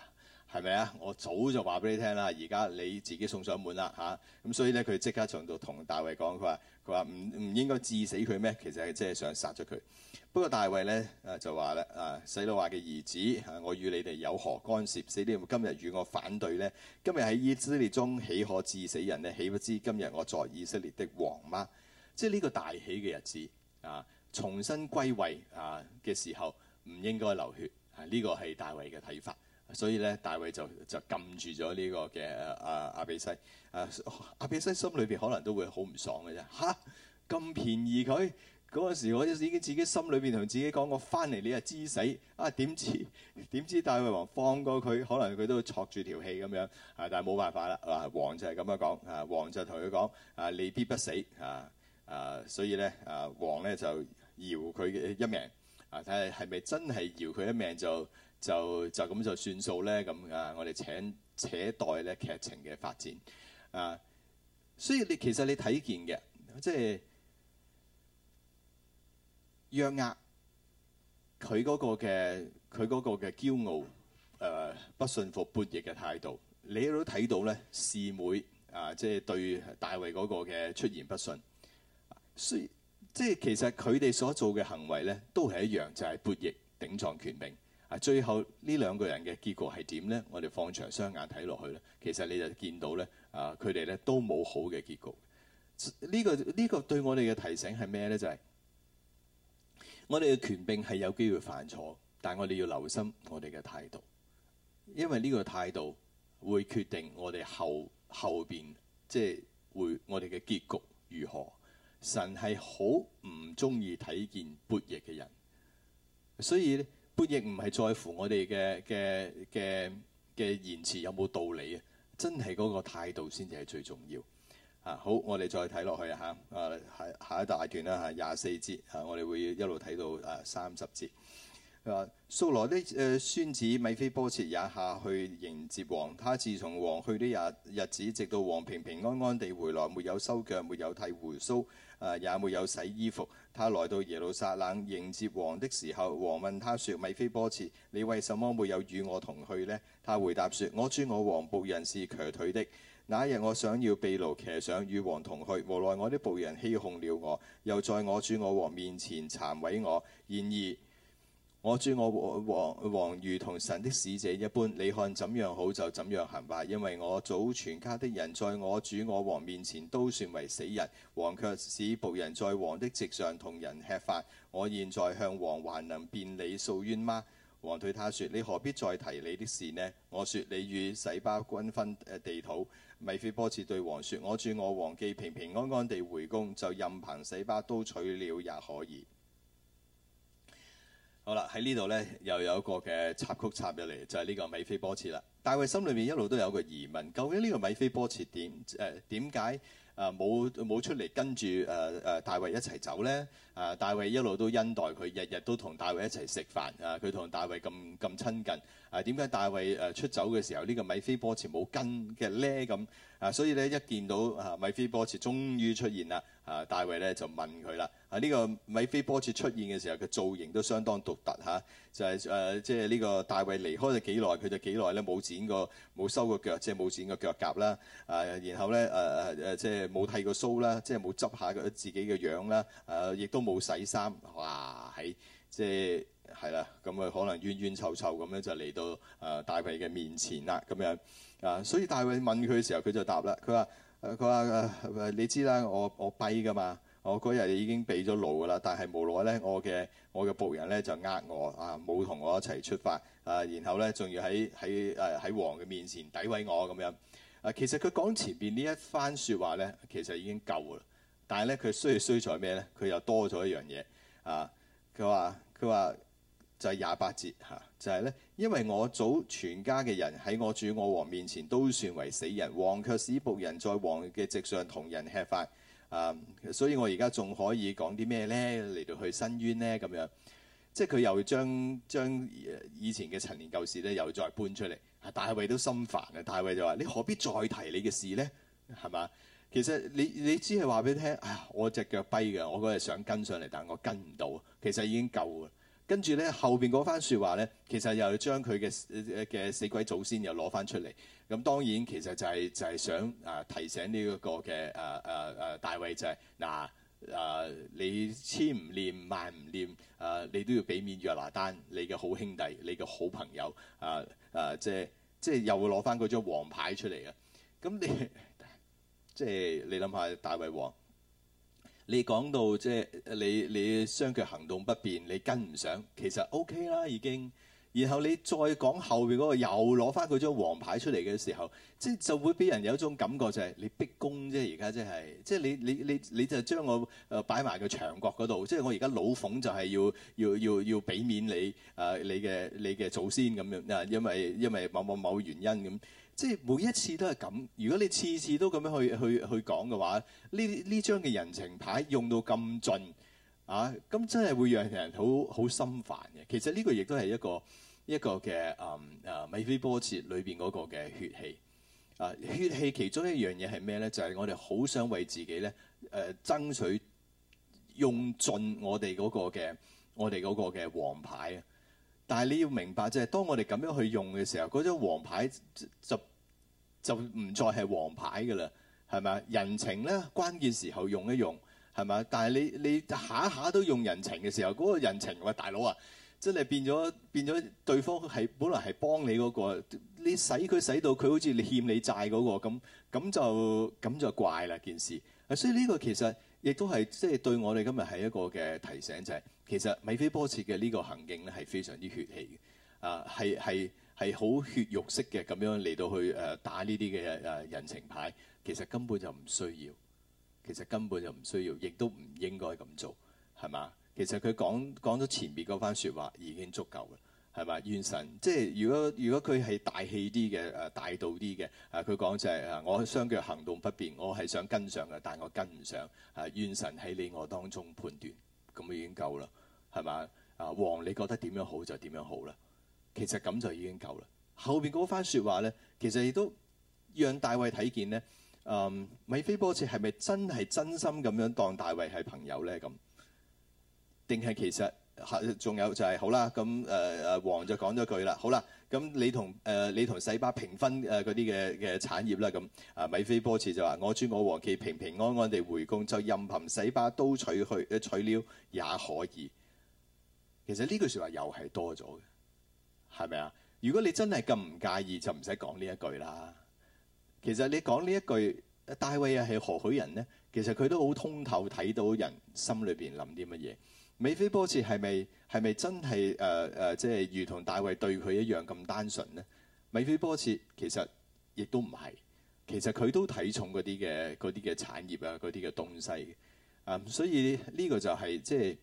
Speaker 1: 係咪啊？我早就話俾你聽啦，而家你自己送上門啦嚇。咁、啊嗯、所以咧，佢即刻在度同大衛講，佢話佢話唔唔應該致死佢咩？其實係真係想殺咗佢。不過大衛咧誒就話啦啊，洗魯雅嘅兒子啊，我與你哋有何干涉？死你今日與我反對咧，今日喺以色列中豈可致死人呢？豈不知今日我在以色列的王嗎？即係呢個大喜嘅日子啊，重新歸位啊嘅時候唔應該流血啊。呢個係大衛嘅睇法。所以咧，大衛就就撳住咗呢個嘅阿、啊、阿比西，阿、啊、阿比西心裏邊可能都會好唔爽嘅啫。嚇、啊，咁便宜佢嗰陣時，我已經自己心裏邊同自己講過，翻嚟你啊知死啊？點知點知大衛王放過佢，可能佢都會戳住條氣咁樣啊？但係冇辦法啦，啊，王就係咁樣講啊，王就同佢講啊，你必不死啊啊！所以咧啊，王咧就饒佢嘅一命啊，睇下係咪真係饒佢一命就？就就咁就算數咧，咁啊，我哋請且待咧劇情嘅發展啊。所以你其實你睇見嘅即係約押佢嗰個嘅佢嗰個嘅驕傲，誒、啊、不信服、叛逆嘅態度，你都睇到咧。示每啊，即、就、係、是、對大衛嗰個嘅出言不遜，所以即係其實佢哋所做嘅行為咧都係一樣，就係叛逆、頂撞權柄。最後呢兩個人嘅結局係點呢？我哋放長雙眼睇落去咧，其實你就見到咧啊！佢哋咧都冇好嘅結局。呢、這個呢、這個對我哋嘅提醒係咩呢？就係、是、我哋嘅權柄係有機會犯錯，但係我哋要留心我哋嘅態度，因為呢個態度會決定我哋後後邊即係會我哋嘅結局如何。神係好唔中意睇見叛逆嘅人，所以。不亦唔係在乎我哋嘅嘅嘅嘅言辭有冇道理啊，真係嗰個態度先至係最重要。啊，好，我哋再睇落去嚇，啊，下，下一大段啦嚇，廿、啊、四節啊，我哋會一路睇到啊三十節。佢、啊、話：掃羅的嘅孫子米非波設也下去迎接王。他自從王去的日日子，直到王平平安安地回來，沒有修腳，沒有剃鬍鬚，啊，也沒有洗衣服。他來到耶路撒冷迎接王的時候，王問他說：米非波設，你為什麼沒有與我同去呢？他回答說：我主我王僕人是瘸腿的，那日我想要備驢騎上與王同去，無奈我的僕人欺哄了我，又在我主我王面前讒毀我。然而我主我王王如同神的使者一般，你看怎樣好就怎樣行吧。因為我祖全家的人在我主我王面前都算為死人，王卻使僕人在王的席上同人吃飯，我現在向王還能辯理訴冤嗎？王對他說，你何必再提你的事呢？我說你與洗巴均分誒地土。米非波設對王說，我主我王，既平，平平安安地回宮，就任憑洗巴都取了也可以。好啦，喺呢度咧又有一個嘅插曲插入嚟，就係、是、呢個米非波設啦。大衛心裏面一路都有個疑問，究竟呢個米非波設點誒？點解誒？冇冇、呃、出嚟跟住誒誒，大衛一齊走咧？啊！大衛一路都恩待佢，日日都同大衛一齊食飯啊！佢同大衛咁咁親近啊！點解大衛誒出走嘅時候呢、這個米非波設冇跟嘅咧咁啊？所以咧一見到啊米非波設終於出現啦！啊大衛咧就問佢啦啊！呢、這個米非波設出現嘅時候，佢造型都相當獨特吓、啊，就係誒即係呢個大衛離開咗幾耐，佢就幾耐咧冇剪過冇修過腳，即係冇剪過腳甲啦啊！然後咧誒誒即係冇剃過鬚啦、啊，即係冇執下佢自己嘅樣啦啊！亦都都冇洗衫，哇！喺即係啦，咁啊，可能冤冤臭臭咁樣就嚟到啊大衛嘅面前啦，咁樣啊，所以大衛問佢嘅時候，佢就答啦，佢話佢話誒，你知啦，我我跛噶嘛，我嗰日已經備咗路噶啦，但係無奈咧，我嘅我嘅僕人咧就呃我啊，冇同我一齊出發啊，然後咧仲要喺喺誒喺王嘅面前詆毀我咁樣啊，其實佢講前邊呢一番說話咧，其實已經夠噶啦。但係咧，佢衰係衰在咩咧？佢又多咗一樣嘢啊！佢話佢話就係廿八節嚇，就係、是、咧、啊就是，因為我祖全家嘅人喺我主我王面前都算為死人，王卻使僕人在王嘅席上同人吃飯啊！所以我而家仲可以講啲咩咧嚟到去申冤咧咁樣？即係佢又將將以前嘅陳年舊事咧又再搬出嚟、啊，大衛都心煩啊！大衛就話：你何必再提你嘅事咧？係嘛？其實你你只係話俾你聽，啊，我隻腳跛嘅，我嗰日想跟上嚟，但係我跟唔到。其實已經夠喇。跟住咧後邊嗰番説話咧，其實又將佢嘅嘅死鬼祖先又攞翻出嚟。咁當然其實就係就係想啊提醒呢一個嘅啊啊啊大衛，就係嗱啊，啊，你千唔念萬唔念啊，你都要俾面約拿單，你嘅好兄弟，你嘅好朋友啊啊，即係即係又會攞翻嗰張黃牌出嚟嘅。咁你。 即係你諗下大衞王，你講到即係你你雙腳行動不便，你跟唔上，其實 OK 啦已經。然後你再講後邊嗰個又攞翻佢張黃牌出嚟嘅時候，即係就會俾人有一種感覺就係你逼宮啫，而家即係即係你你你你就將我誒擺埋個牆角嗰度，即係我而家老馮就係要要要要俾面你誒，你嘅你嘅祖先咁樣，因為因為某某某原因咁。即係每一次都係咁，如果你次次都咁樣去去去講嘅話，呢呢張嘅人情牌用到咁盡啊，咁真係會讓人好好心煩嘅。其實呢個亦都係一個一個嘅嗯誒、啊、米非波設裏邊嗰個嘅血氣啊，血氣其中一樣嘢係咩咧？就係、是、我哋好想為自己咧誒、呃、爭取用盡我哋嗰個嘅我哋嗰個嘅王牌。但係你要明白就係、是、當我哋咁樣去用嘅時候，嗰張王牌就就唔再係黃牌嘅啦，係咪啊？人情咧，關鍵時候用一用，係咪啊？但係你你下下都用人情嘅時候，嗰個人情喂，大佬啊，真係變咗變咗，對方係本來係幫你嗰個，你使佢使到佢好似你欠你債嗰個咁，咁就咁就怪啦件事。啊，所以呢個其實亦都係即係對我哋今日係一個嘅提醒，就係其實米非波設嘅呢個行徑咧係非常之血氣嘅，啊係係。係好血肉式嘅咁樣嚟到去誒打呢啲嘅誒人情牌，其實根本就唔需要，其實根本就唔需要，亦都唔應該咁做，係嘛？其實佢講講咗前面嗰番説話已經足夠啦，係嘛？願神，即係如果如果佢係大氣啲嘅誒大度啲嘅，啊佢講就係，啊我雙腳行動不便，我係想跟上嘅，但我跟唔上，啊願神喺你我當中判斷，咁已經夠啦，係嘛？啊王，你覺得點樣好就點樣好啦。其實咁就已經夠啦。後邊嗰番説話咧，其實亦都讓大衛睇見咧。嗯，米非波設係咪真係真心咁樣當大衛係朋友咧？咁定係其實仲有就係、是、好啦。咁誒、呃、王就講咗句啦。好啦，咁你同誒、呃、你同洗巴平分誒嗰啲嘅嘅產業啦。咁啊米非波設就話：嗯、我主我王，既平，平平安安，安地回宮，就任憑洗巴都取去取了也可以。其實呢句説話又係多咗嘅。係咪啊？如果你真係咁唔介意，就唔使講呢一句啦。其實你講呢一句，大衛又係何許人呢？其實佢都好通透，睇到人心裡邊諗啲乜嘢。米非波設係咪係咪真係誒誒，即、呃、係、呃就是、如同大衛對佢一樣咁單純呢？米非波設其實亦都唔係，其實佢都睇重嗰啲嘅啲嘅產業啊，嗰啲嘅東西。咁、呃、所以呢個就係、是、即係。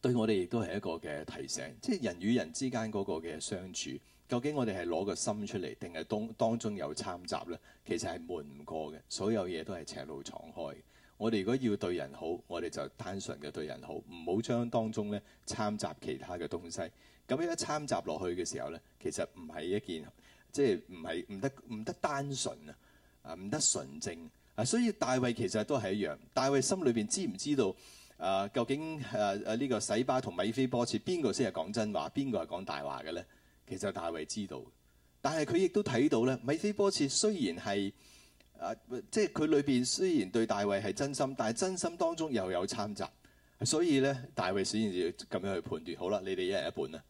Speaker 1: 對我哋亦都係一個嘅提醒，即係人與人之間嗰個嘅相處，究竟我哋係攞個心出嚟，定係當當中有摻雜呢？其實係瞞唔過嘅，所有嘢都係赤露敞開。我哋如果要對人好，我哋就單純嘅對人好，唔好將當中呢摻雜其他嘅東西。咁樣一摻雜落去嘅時候呢，其實唔係一件，即係唔係唔得唔得單純啊，啊唔得純正啊。所以大衛其實都係一樣，大衛心裏邊知唔知道？啊！究竟啊啊呢、這個洗巴同米非波設邊個先係講真話，邊個係講大話嘅咧？其實大衛知道，但係佢亦都睇到咧。米非波設雖然係啊，即係佢裏邊雖然對大衛係真心，但係真心當中又有參雜，所以咧大衛自然要咁樣去判斷。好啦，你哋一人一半啦。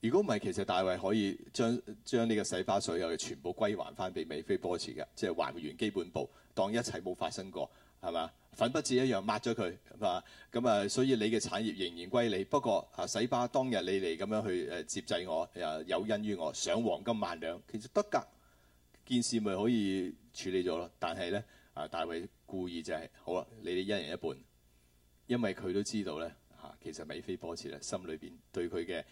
Speaker 1: 如果唔係，其實大衛可以將將呢個洗巴所有嘅全部歸還翻俾米非波設嘅，即係還原基本步，當一切冇發生過，係嘛？粉筆字一樣抹咗佢，係、啊、嘛？咁啊，所以你嘅產業仍然歸你。不過啊，洗巴當日你嚟咁樣去誒接濟我，又、啊、有恩於我，賞黃金萬兩，其實得㗎。件事咪可以處理咗咯？但係咧，啊，大衛故意就係、是、好啦，你哋一人一半，因為佢都知道咧嚇、啊，其實米非波設咧心裏邊對佢嘅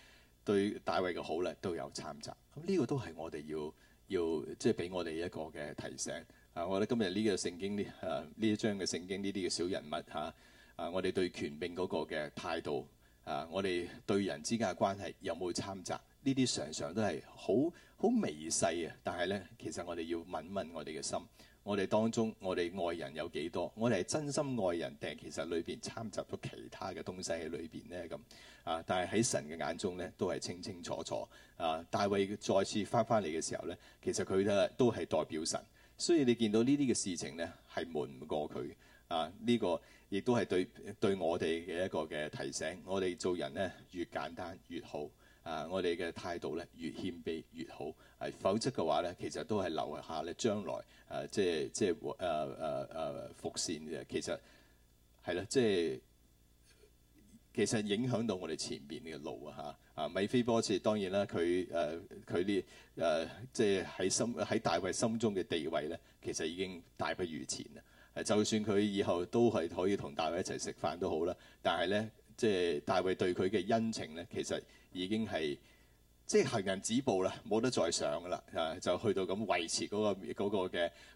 Speaker 1: 對大衛嘅好咧都有摻雜。咁、啊、呢、這個都係我哋要要即係俾我哋一個嘅提醒。啊！我覺得今日呢個聖經呢，誒、啊、呢一章嘅聖經呢啲嘅小人物嚇、啊，啊，我哋對權柄嗰個嘅態度啊，我哋對人之間嘅關係有冇參雜呢啲？常常都係好好微細嘅，但係咧，其實我哋要問問我哋嘅心，我哋當中我哋愛人有幾多？我哋係真心愛人定係其實裏邊參雜咗其他嘅東西喺裏邊咧？咁啊，但係喺神嘅眼中咧都係清清楚楚啊。大衛再次翻翻嚟嘅時候咧，其實佢咧都係代表神。所以你見到呢啲嘅事情咧，係瞞唔過佢啊！呢、這個亦都係對對我哋嘅一個嘅提醒。我哋做人咧越簡單越好啊！我哋嘅態度咧越謙卑越好。係、啊、否則嘅話咧，其實都係留下咧，將來誒即係即係誒誒誒伏線嘅。其實係啦，即係。其實影響到我哋前面嘅路啊，嚇！啊，米非波設當然啦，佢誒佢啲誒，即係喺心喺大衛心中嘅地位咧，其實已經大不如前啦。誒、啊，就算佢以後都係可以同大衛一齊食飯都好啦，但係咧，即係大衛對佢嘅恩情咧，其實已經係。即係行人止步啦，冇得再上噶啦，啊，就去到咁維持嗰、嗰個嘅嗰、嗰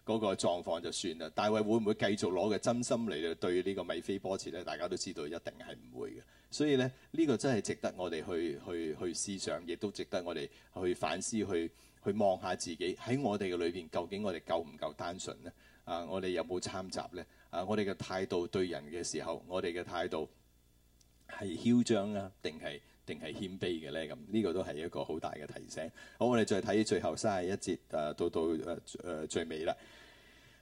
Speaker 1: 個嗰個狀況就算啦。大衞會唔會繼續攞嘅真心嚟對呢個米非波設咧？大家都知道一定係唔會嘅。所以咧，呢、呢個真係值得我哋去去去思想，亦都值得我哋去反思，去去望下自己喺我哋嘅裏邊，究竟我哋夠唔夠單純呢？啊，我哋有冇參雜呢？啊，我哋嘅態度對人嘅時候，我哋嘅態度係囂張啊，定係？定係謙卑嘅咧，咁呢個都係一個好大嘅提醒。好，我哋再睇最後三十一節，誒、啊、到到誒誒最尾啦。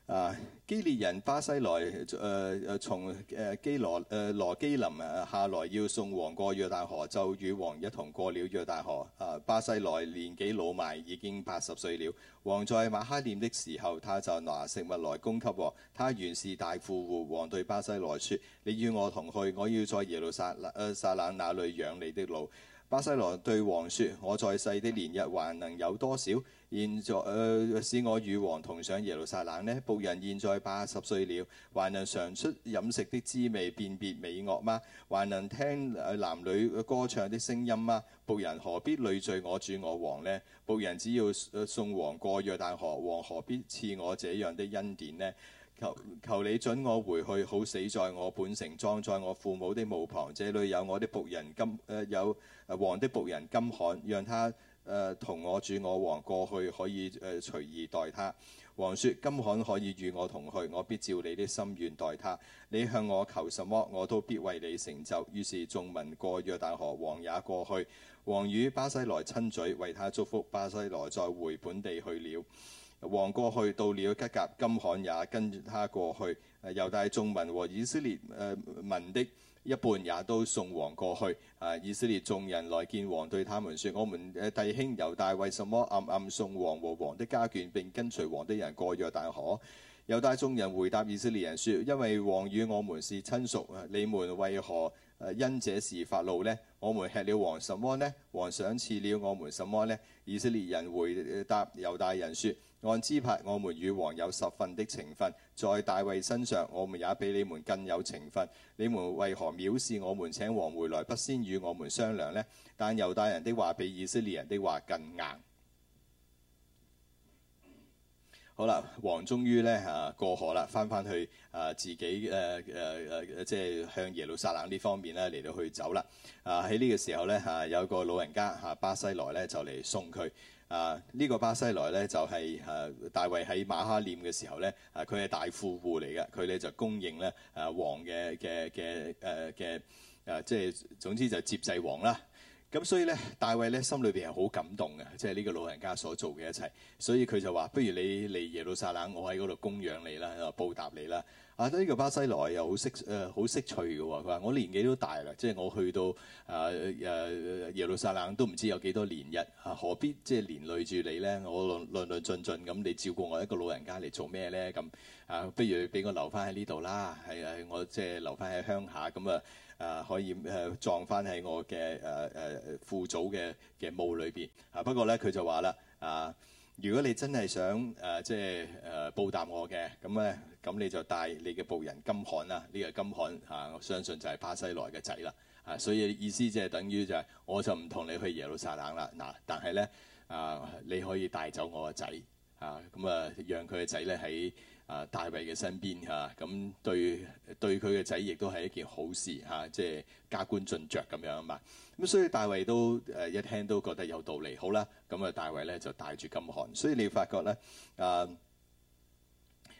Speaker 1: 啊！基列人巴西萊誒誒從誒、呃、基羅誒、呃、羅基林啊下來，要送王過約大河，就與王一同過了約大河。啊！巴西萊年紀老邁，已經八十歲了。王在馬哈念的時候，他就拿食物來供給我。他原是大富戶。王對巴西萊説：你與我同去，我要在耶路撒、呃、撒冷那裏養你的老。巴西萊對王説：我在世的年日還能有多少？現在誒、呃、使我與王同上耶路撒冷呢？僕人現在八十歲了，還能嘗出飲食的滋味，辨別美惡嗎？還能聽誒男女歌唱的聲音嗎？僕人何必累贅我主我王呢？僕人只要送王過約但河，王何必賜我這樣的恩典呢？求求你准我回去，好死在我本城，葬在我父母的墓旁。這裡有我的僕人金誒、呃、有誒王的僕人金罕，讓他。誒、呃、同我主我王過去可以誒、呃、隨意待他，王説：金罕可以與我同去，我必照你的心願待他。你向我求什麼，我都必為你成就。於是眾民過約但河，王也過去。王與巴西萊親嘴，為他祝福。巴西萊再回本地去了。王過去到了吉甲，金罕也跟他過去，呃、又帶眾民和以色列民的。一半也都送王過去。啊！以色列眾人來見王，對他們說：我們弟兄猶大為什麼暗暗送王和王的家眷，並跟隨王的人過約但河？猶大眾人回答以色列人說：因為王與我們是親屬，你們為何？因這事發怒呢，我們吃了王什麼呢？王賞賜了我們什麼呢？以色列人回答猶大人說：按支派，我們與王有十分的情分，在大衛身上，我們也比你們更有情分。你們為何藐視我們？請王回來不先與我們商量呢？但猶大人的話比以色列人的話更硬。好啦，王終於咧嚇過河啦，翻翻去啊自己誒誒誒，即係向耶路撒冷呢方面咧嚟到去走啦。啊喺呢個時候咧嚇、啊、有個老人家嚇、啊、巴西萊咧就嚟送佢。啊呢、這個巴西萊咧就係、是、誒、啊、大衛喺馬哈念嘅時候咧，啊佢係大富戶嚟嘅，佢咧就供應咧誒、啊、王嘅嘅嘅誒嘅誒，即係總之就接濟王啦。咁所以咧，大衛咧心裏邊係好感動嘅，即係呢個老人家所做嘅一切。所以佢就話：不如你嚟耶路撒冷，我喺嗰度供養你啦，報答你啦。啊，呢、這個巴西萊又好識誒，好、呃、識趣嘅喎、哦。佢話：我年紀都大啦，即係我去到誒誒、啊啊、耶路撒冷都唔知有幾多年日，啊，何必即係連累住你咧？我論論盡盡咁，你照顧我一個老人家嚟做咩咧？咁啊，不如俾我留翻喺呢度啦。係啊，我即係留翻喺鄉下咁啊。啊，可以誒、啊、撞返喺我嘅誒誒父祖嘅嘅墓裏邊啊！不過咧，佢就話啦啊，如果你真係想誒、啊、即係誒、啊、報答我嘅，咁咧咁你就帶你嘅僕人金罕啦，呢、啊這個金罕啊，我相信就係巴西萊嘅仔啦啊！所以意思即、就、係、是、等於就係、是，我就唔同你去耶路撒冷啦嗱、啊，但係咧啊，你可以帶走我個仔啊，咁啊讓佢嘅仔咧喺啊，大衛嘅身邊嚇，咁、啊、對對佢嘅仔亦都係一件好事嚇、啊，即係加官進爵咁樣啊嘛。咁所以大衛都誒、啊，一聽都覺得有道理。好啦，咁啊，大衛咧就帶住金罕。所以你發覺咧，誒、啊、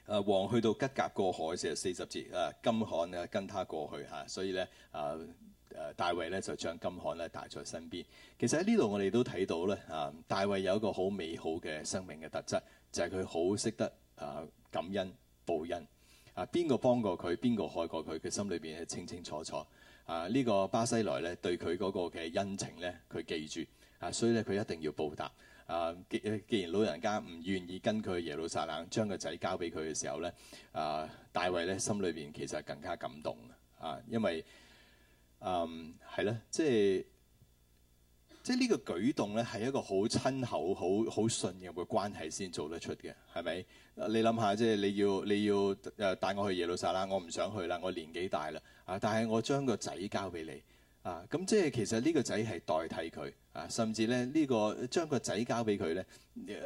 Speaker 1: 誒、啊，王去到吉甲過海，即係四十節啊，金罕啊跟他過去嚇、啊。所以咧，誒、啊、誒、啊，大衛咧就將金罕咧帶在身邊。其實喺呢度我哋都睇到咧啊，大衛有一個好美好嘅生命嘅特質，就係佢好識得。啊！感恩報恩啊！邊個幫過佢，邊個害過佢，佢心裏邊係清清楚楚啊！呢、這個巴西萊咧對佢嗰個嘅恩情咧，佢記住啊，所以咧佢一定要報答啊！既既然老人家唔願意跟佢耶路撒冷將個仔交俾佢嘅時候咧啊，大衛咧心裏邊其實更加感動啊，因為嗯係咧，即係。即呢個舉動咧，係一個好親厚、好好信任嘅關係先做得出嘅，係咪？你諗下，即係你要你要誒帶我去耶路撒冷，我唔想去啦，我年紀大啦啊！但係我將個仔交俾你啊！咁即係其實呢個仔係代替佢啊，甚至咧呢個將個仔交俾佢咧，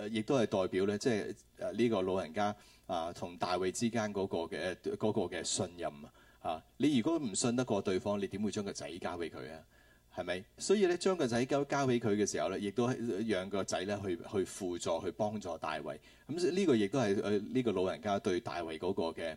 Speaker 1: 亦、啊、都係代表咧，即係誒呢個老人家啊同大衛之間嗰個嘅嗰個嘅信任啊！你如果唔信得過對方，你點會將個仔交俾佢啊？係咪？所以咧，將個仔交交俾佢嘅時候咧，亦都係養個仔咧去去輔助、去幫助大衛。咁、嗯、呢、呢個亦都係誒呢個老人家對大衛嗰個嘅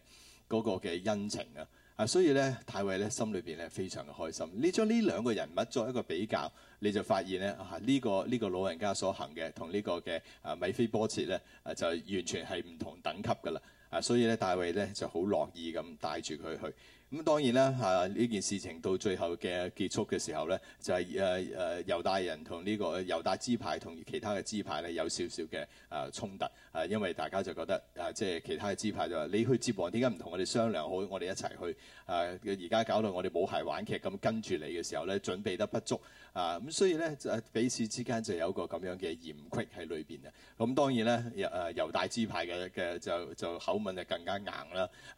Speaker 1: 嗰嘅恩情啊！啊，所以咧，大衛咧心裏邊咧非常嘅開心。你將呢兩個人物作一個比較，你就發現咧啊，呢、呢個呢、呢個老人家所行嘅同呢個嘅啊米非波設咧啊就完全係唔同等級㗎啦！啊，所以咧大衛咧就好樂意咁帶住佢去。咁當然啦，啊呢件事情到最後嘅結束嘅時候咧，就係誒誒猶大人同呢、這個猶、啊、大支派同其他嘅支派咧有少少嘅啊衝突啊，因為大家就覺得啊，即、就、係、是、其他嘅支派就話、是、你去接王點解唔同我哋商量好，我哋一齊去啊？而家搞到我哋冇鞋玩劇咁跟住你嘅時候咧，準備得不足。啊，咁所以咧就彼此之間就有個咁樣嘅嫌隙喺裏邊啊。咁當然啦，由誒猶大支派嘅嘅就就口吻就更加硬啦。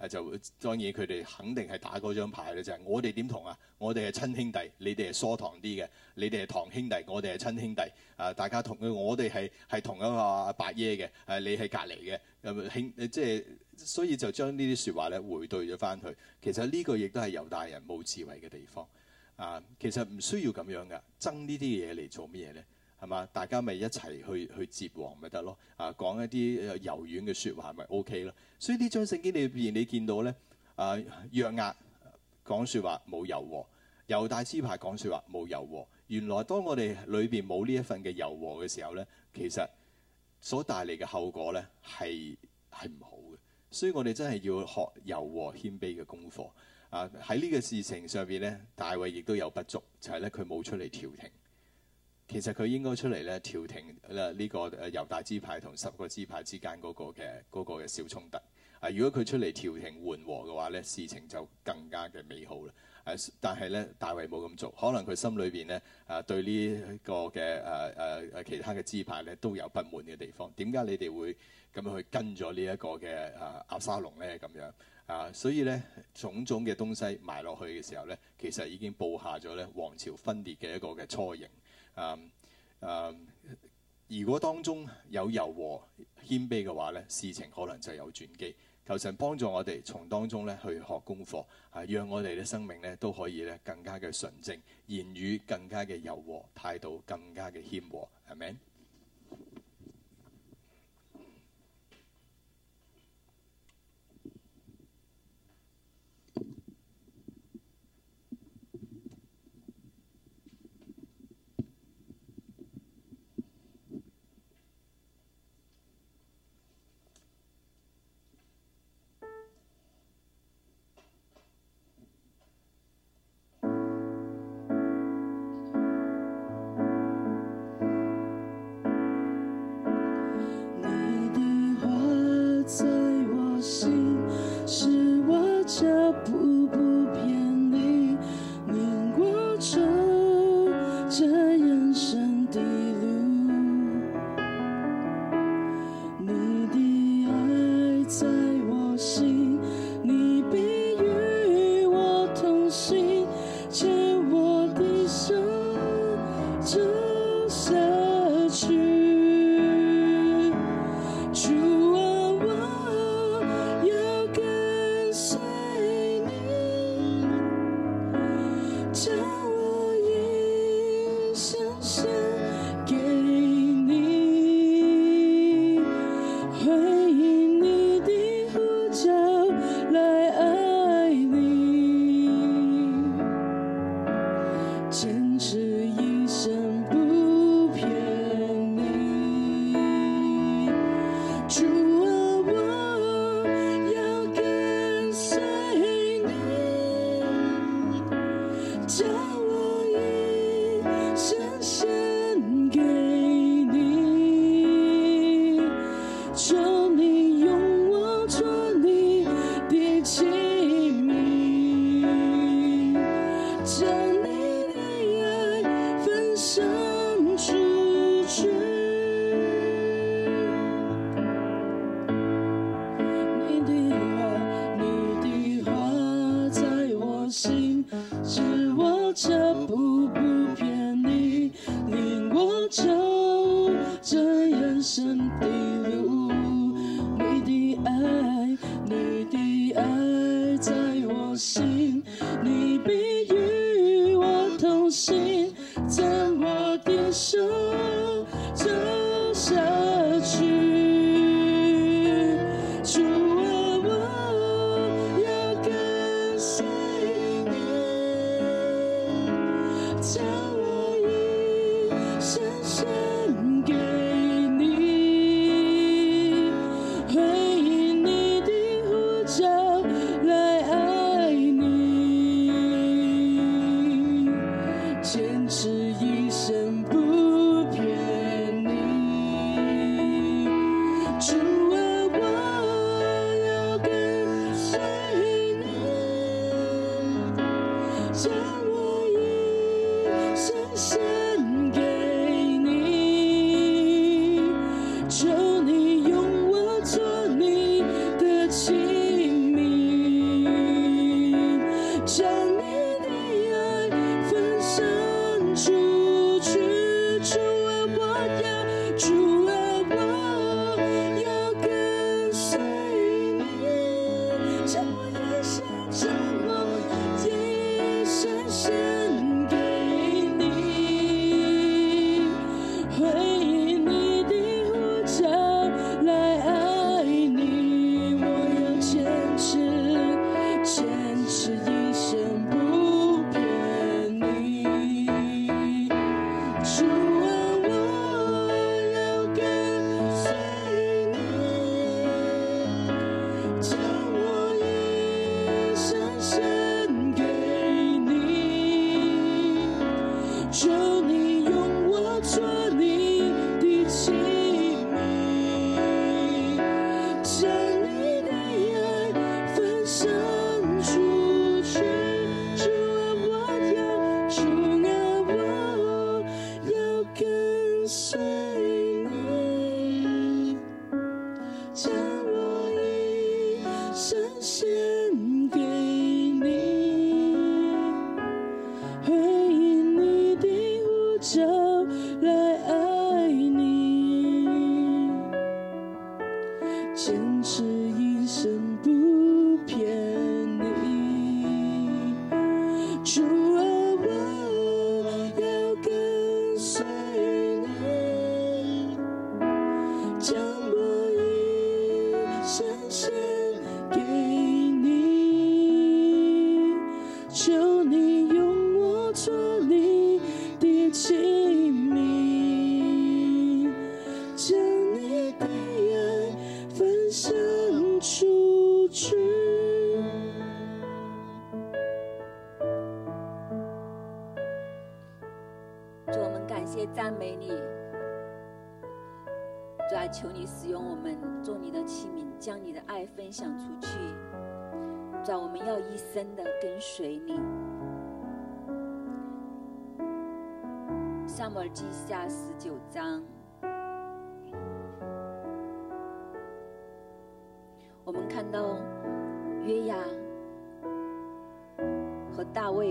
Speaker 1: 誒、啊、就當然佢哋肯定係打嗰張牌咧，就係、是、我哋點同啊？我哋係親兄弟，你哋係疏堂啲嘅，你哋係堂兄弟，我哋係親兄弟。誒、啊、大家同我哋係係同一個阿伯爺嘅，誒、啊、你係隔籬嘅，誒興即係，所以就將呢啲説話咧回對咗翻去。其實呢個亦都係猶大人冇智慧嘅地方。啊，其實唔需要咁樣噶，爭呢啲嘢嚟做咩嘢咧？係嘛，大家咪一齊去去接王咪得咯。啊，講一啲柔軟嘅説話咪 O K 咯。所以呢張聖經裏邊你見到咧，啊，約押講説話冇柔和，猶大支派講説話冇柔和。原來當我哋裏邊冇呢一份嘅柔和嘅時候咧，其實所帶嚟嘅後果咧係係唔好嘅。所以我哋真係要學柔和謙卑嘅功課。啊，喺呢個事情上邊咧，大衛亦都有不足，就係咧佢冇出嚟調停。其實佢應該出嚟咧調停啦，呢個誒猶大支派同十個支派之間嗰個嘅嗰個嘅小衝突。啊，如果佢出嚟調停緩和嘅話咧，事情就更加嘅美好啦。誒、啊，但係咧大衛冇咁做，可能佢心裏邊咧誒對呢個嘅誒誒誒其他嘅支派咧都有不滿嘅地方。點解你哋會咁樣去跟咗呢一個嘅誒押沙龍咧？咁樣？啊，所以咧，種種嘅東西埋落去嘅時候咧，其實已經布下咗咧皇朝分裂嘅一個嘅雛形。啊啊，如果當中有柔和謙卑嘅話咧，事情可能就有轉機。求神幫助我哋從當中咧去學功課，啊，讓我哋嘅生命咧都可以咧更加嘅純正，言語更加嘅柔和，態度更加嘅謙和。阿們。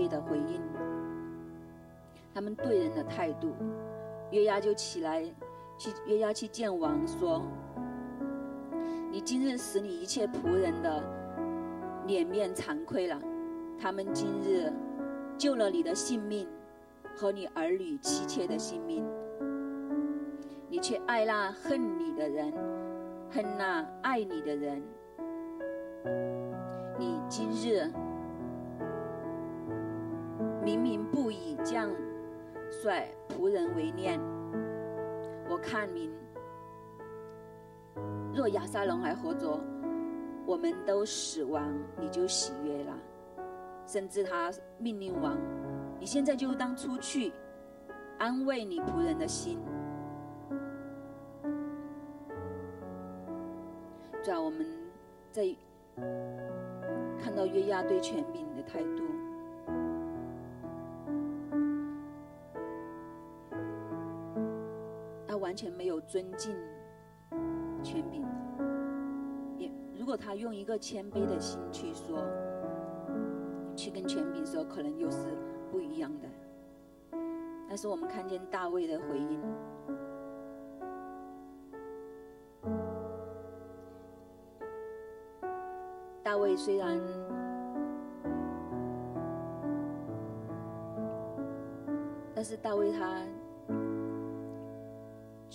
Speaker 2: 的回應，他們對人的態度，約押就起來，去約押去見王說：你今日使你一切僕人的臉面慚愧了，他們今日救了你的性命和你兒女妻妾的性命，你卻愛那恨你的人，恨那愛你的人，你今日。明明不以將帥僕人為念，我看明若押沙龍還活着，我們都死亡，你就喜悅了，甚至他命令王，你現在就當出去安慰你僕人的心。咁啊，我們在看到約押對全民的態度。完全沒有尊敬權柄，也如果他用一個謙卑的心去說，去跟權柄說，可能又是不一樣的。但是我們看見大衛的回應，大衛雖然，但是大衛他。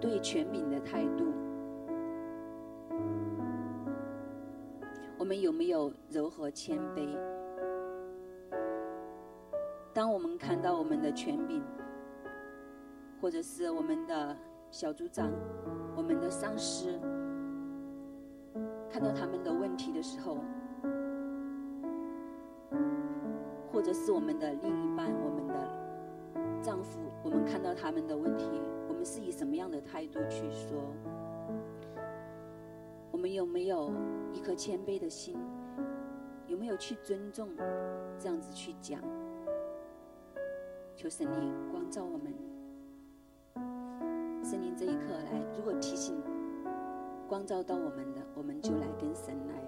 Speaker 2: 對權柄的態度，我們有沒有柔和謙卑？當我們看到我們的權柄，或者是我們的小組長，我們的上司，看到他們的問題的時候，或者是我們的另一半，我們的。丈夫，我們看到他們的問題，我們是以什麼樣的態度去說？我們有沒有一顆謙卑的心？有沒有去尊重？這樣子去講，求神靈光照我們。神靈這一刻來，如果提醒、光照到我們的，我們就來跟神來。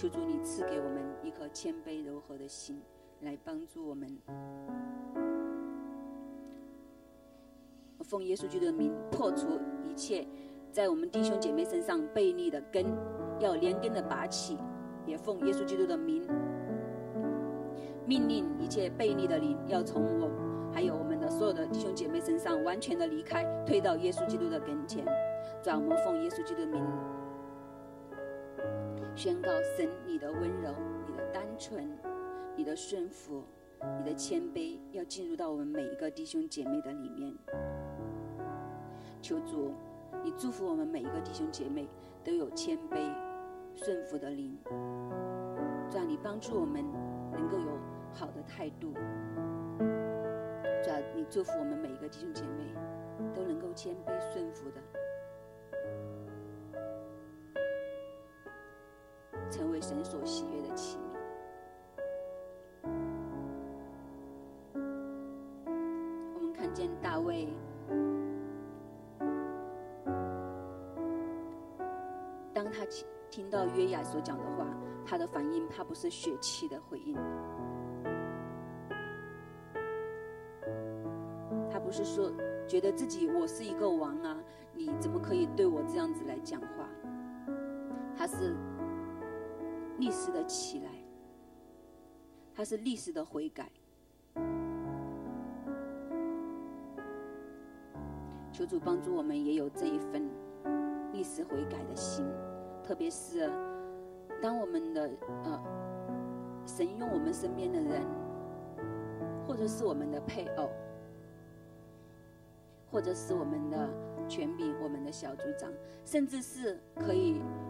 Speaker 2: 求主你賜給我們一顆謙卑柔和的心，來幫助我們。奉耶穌基督的名，破除一切在我們弟兄姐妹身上悖逆的根，要連根的拔起；也奉耶穌基督的名，命令一切悖逆的靈，要從我還有我們的所有的弟兄姐妹身上完全的離開，退到耶穌基督的跟前。讓我們奉耶穌基督的名。宣告神你的溫柔、你的單純、你的順服、你的謙卑，要進入到我們每一個弟兄姐妹的裏面。求主，你祝福我們每一個弟兄姐妹都有謙卑、順服的靈，主啊，你幫助我們能夠有好的態度，主啊，你祝福我們每一個弟兄姐妹都能夠謙卑順服的。成為神所喜悅的器皿。我們看見大衛，當他聽聽到約雅所講的話，他的反應，他不是血氣的回應，他不是說覺得自己我是一個王啊，你怎麼可以對我這樣子來講話？他是。歷史的起來，他是歷史的悔改。求主幫助我們也有這一份歷史悔改的心，特別是當我們的，呃，神用我們身邊的人，或者是我們的配偶，或者是我們的權柄、我們的小組長，甚至是可以。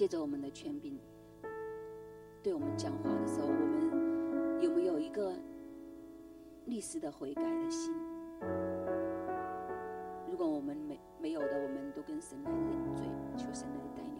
Speaker 2: 借着我們的權柄，對我們講話的時候，我們有沒有一個歷史的悔改的心？如果我們沒沒有的，我們都跟神來認罪，求神來帶領。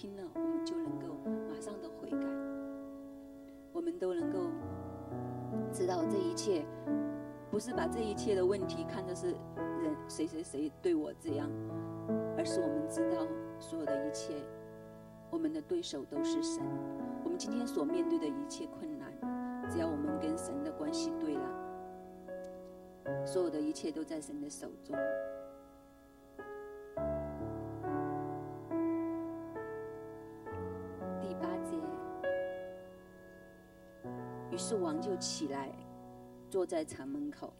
Speaker 2: 聽了我們就能夠馬上的悔改，我們都能夠知道這一切，不是把這一切的問題看的是人誰誰誰對我這樣，而是我們知道所有的一切，我們的對手都是神。我們今天所面對的一切困難，只要我們跟神的關係對了，所有的一切都在神的手中。於是王就起來，坐在城門口。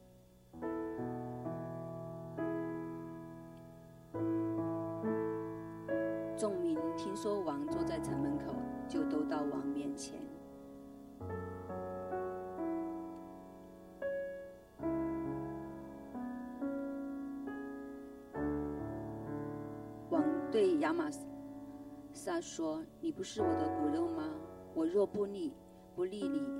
Speaker 2: 眾民聽說王坐在城門口，就都到王面前。王對亞瑪撒說：你不是我的骨肉嗎？我若不立不立你。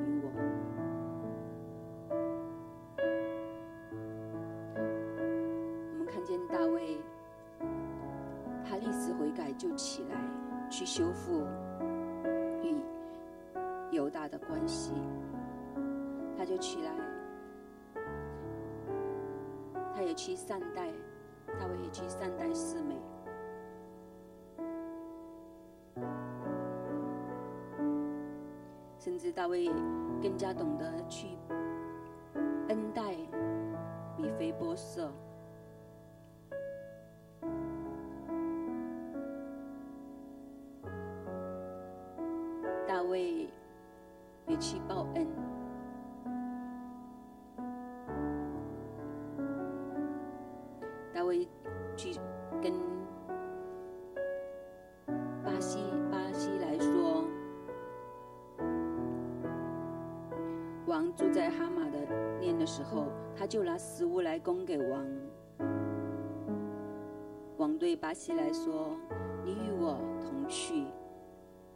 Speaker 2: 大衛更加懂得去恩待米菲波瑟，大衛也去報。住在哈馬的念的時候，他就拿食物來供給王。王對巴西來說：“你與我同去，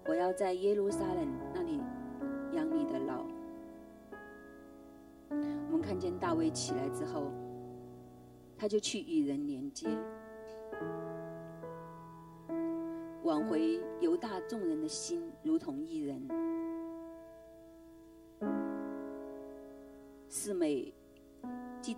Speaker 2: 我要在耶路撒冷那裡養你的老。”我們看見大衛起來之後，他就去與人連接，挽回猶大眾人的心，如同一人。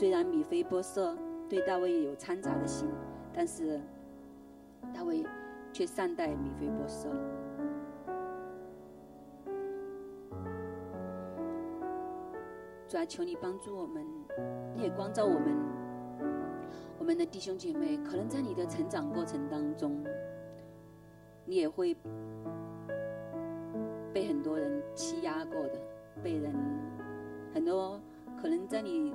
Speaker 2: 雖然米非波設對大衛有摻雜的心，但是大衛卻善待米非波設。主啊，求你幫助我們，你也光照我們，我們的弟兄姐妹可能在你的成長過程當中，你也會被很多人欺壓過的，被人很多，可能在你。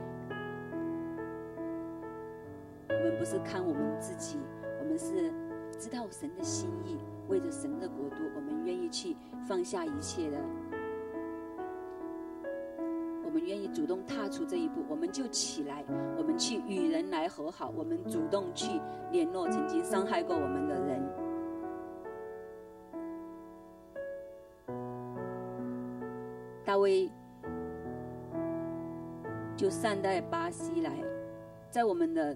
Speaker 2: 不是看我們自己，我們是知道神的心意，為着神的國度，我們願意去放下一切的，我們願意主動踏出這一步，我們就起來，我們去與人來和好，我們主動去聯絡曾經傷害過我們的人，大衛就善待巴西萊，在我們的。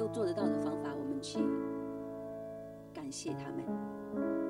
Speaker 2: 都做得到的方法，我們去感謝他們。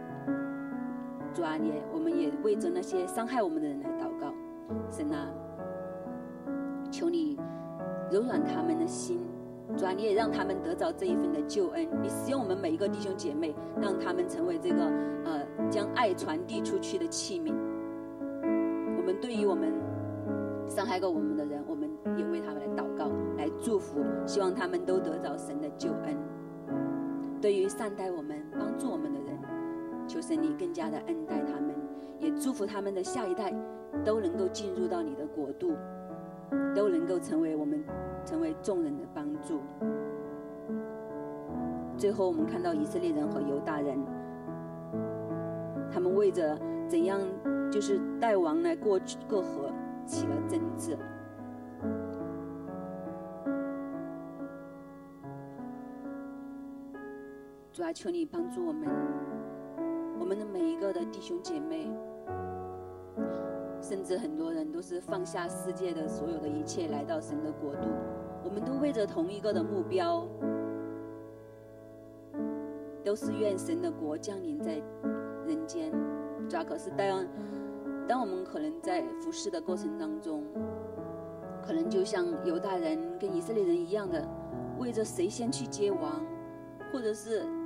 Speaker 2: 主啊，你我們也為着那些傷害我們的人來禱告，神啊，求你柔軟他們的心，主啊，你也讓他們得着這一份的救恩。你使用我們每一個弟兄姐妹，讓他們成為這個，呃，將愛傳遞出去的器皿。我們對於我們傷害過我們的人，我們也為他們來禱告，來祝福，希望他們都得着神的救恩。對於善待我們、幫助我們的。求神你更加的恩待他們，也祝福他們的下一代，都能夠進入到你的國度，都能夠成為我們，成為眾人的幫助。最後我們看到以色列人和猶大人，他們為着怎樣就是帶王來過過河起了爭執。主啊，求你幫助我們。我們的每一個的弟兄姐妹，甚至很多人都是放下世界的所有的一切來到神的國度，我們都為着同一個的目標，都是願神的國降臨在人間。咁啊，可是當當我們可能在服侍的過程當中，可能就像猶大人跟以色列人一樣的，為着誰先去接王，或者是，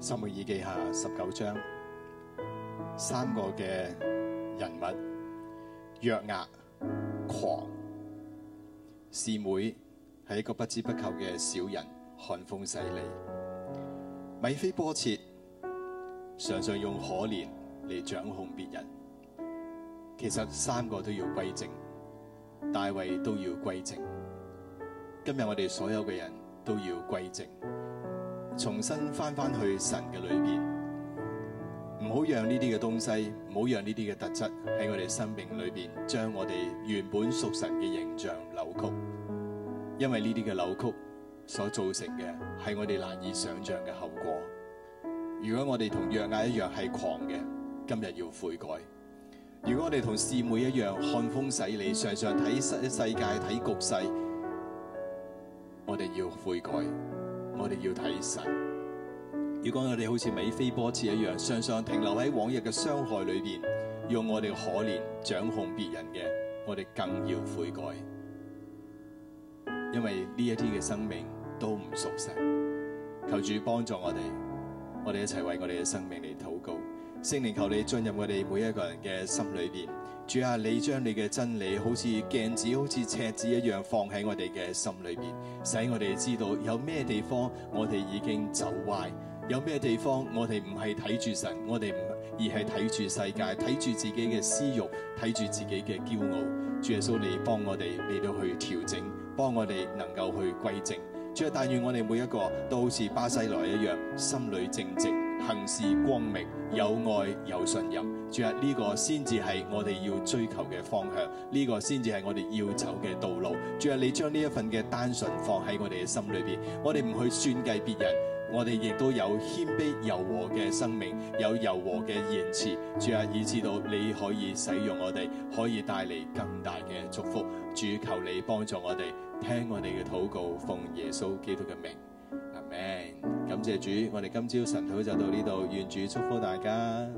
Speaker 1: 撒母耳記下十九章，三個嘅人物：約押、狂、示每，係一個不知不求嘅小人，看風勢利。米非波設，常常用可憐嚟掌控別人，其實三個都要歸正，大衛都要歸正，今日我哋所有嘅人都要歸正。重新返返去神嘅裏邊，唔好讓呢啲嘅東西，唔好讓呢啲嘅特質喺我哋生命裏邊，將我哋原本屬神嘅形象扭曲。因為呢啲嘅扭曲所造成嘅係我哋難以想象嘅後果。如果我哋同約押一樣係狂嘅，今日要悔改；如果我哋同示每一樣看風使舵，常常睇世世界睇局勢，我哋要悔改。我哋要睇神。如果我哋好似米非波設一樣，常常停留喺往日嘅傷害裏邊，用我哋可憐掌控別人嘅，我哋更要悔改。因為呢一啲嘅生命都唔屬神。求主幫助我哋，我哋一齊為我哋嘅生命嚟禱告。聖靈求你進入我哋每一個人嘅心裏邊。主啊，你將你嘅真理，好似鏡子，好似尺子一樣放喺我哋嘅心裏邊，使我哋知道有咩地方我哋已經走壞，有咩地方我哋唔係睇住神，我哋唔係，而係睇住世界，睇住自己嘅私欲，睇住自己嘅驕傲。主耶穌，你幫我哋嚟到去調整，幫我哋能夠去歸正。主啊，但願我哋每一個都好似巴西萊一樣，心裏正直，行事光明，有愛有信任。主啊，呢、這個先至係我哋要追求嘅方向，呢、這個先至係我哋要走嘅道路。主啊，你將呢一份嘅單純放喺我哋嘅心裏邊，我哋唔去算計別人，我哋亦都有謙卑柔和嘅生命，有柔和嘅言辭。主啊，以至到你可以使用我哋，可以帶嚟更大嘅祝福。主求你幫助我哋，聽我哋嘅禱告，奉耶穌基督嘅名、Amen，感謝主，我哋今朝晨禱就到呢度，願主祝福大家。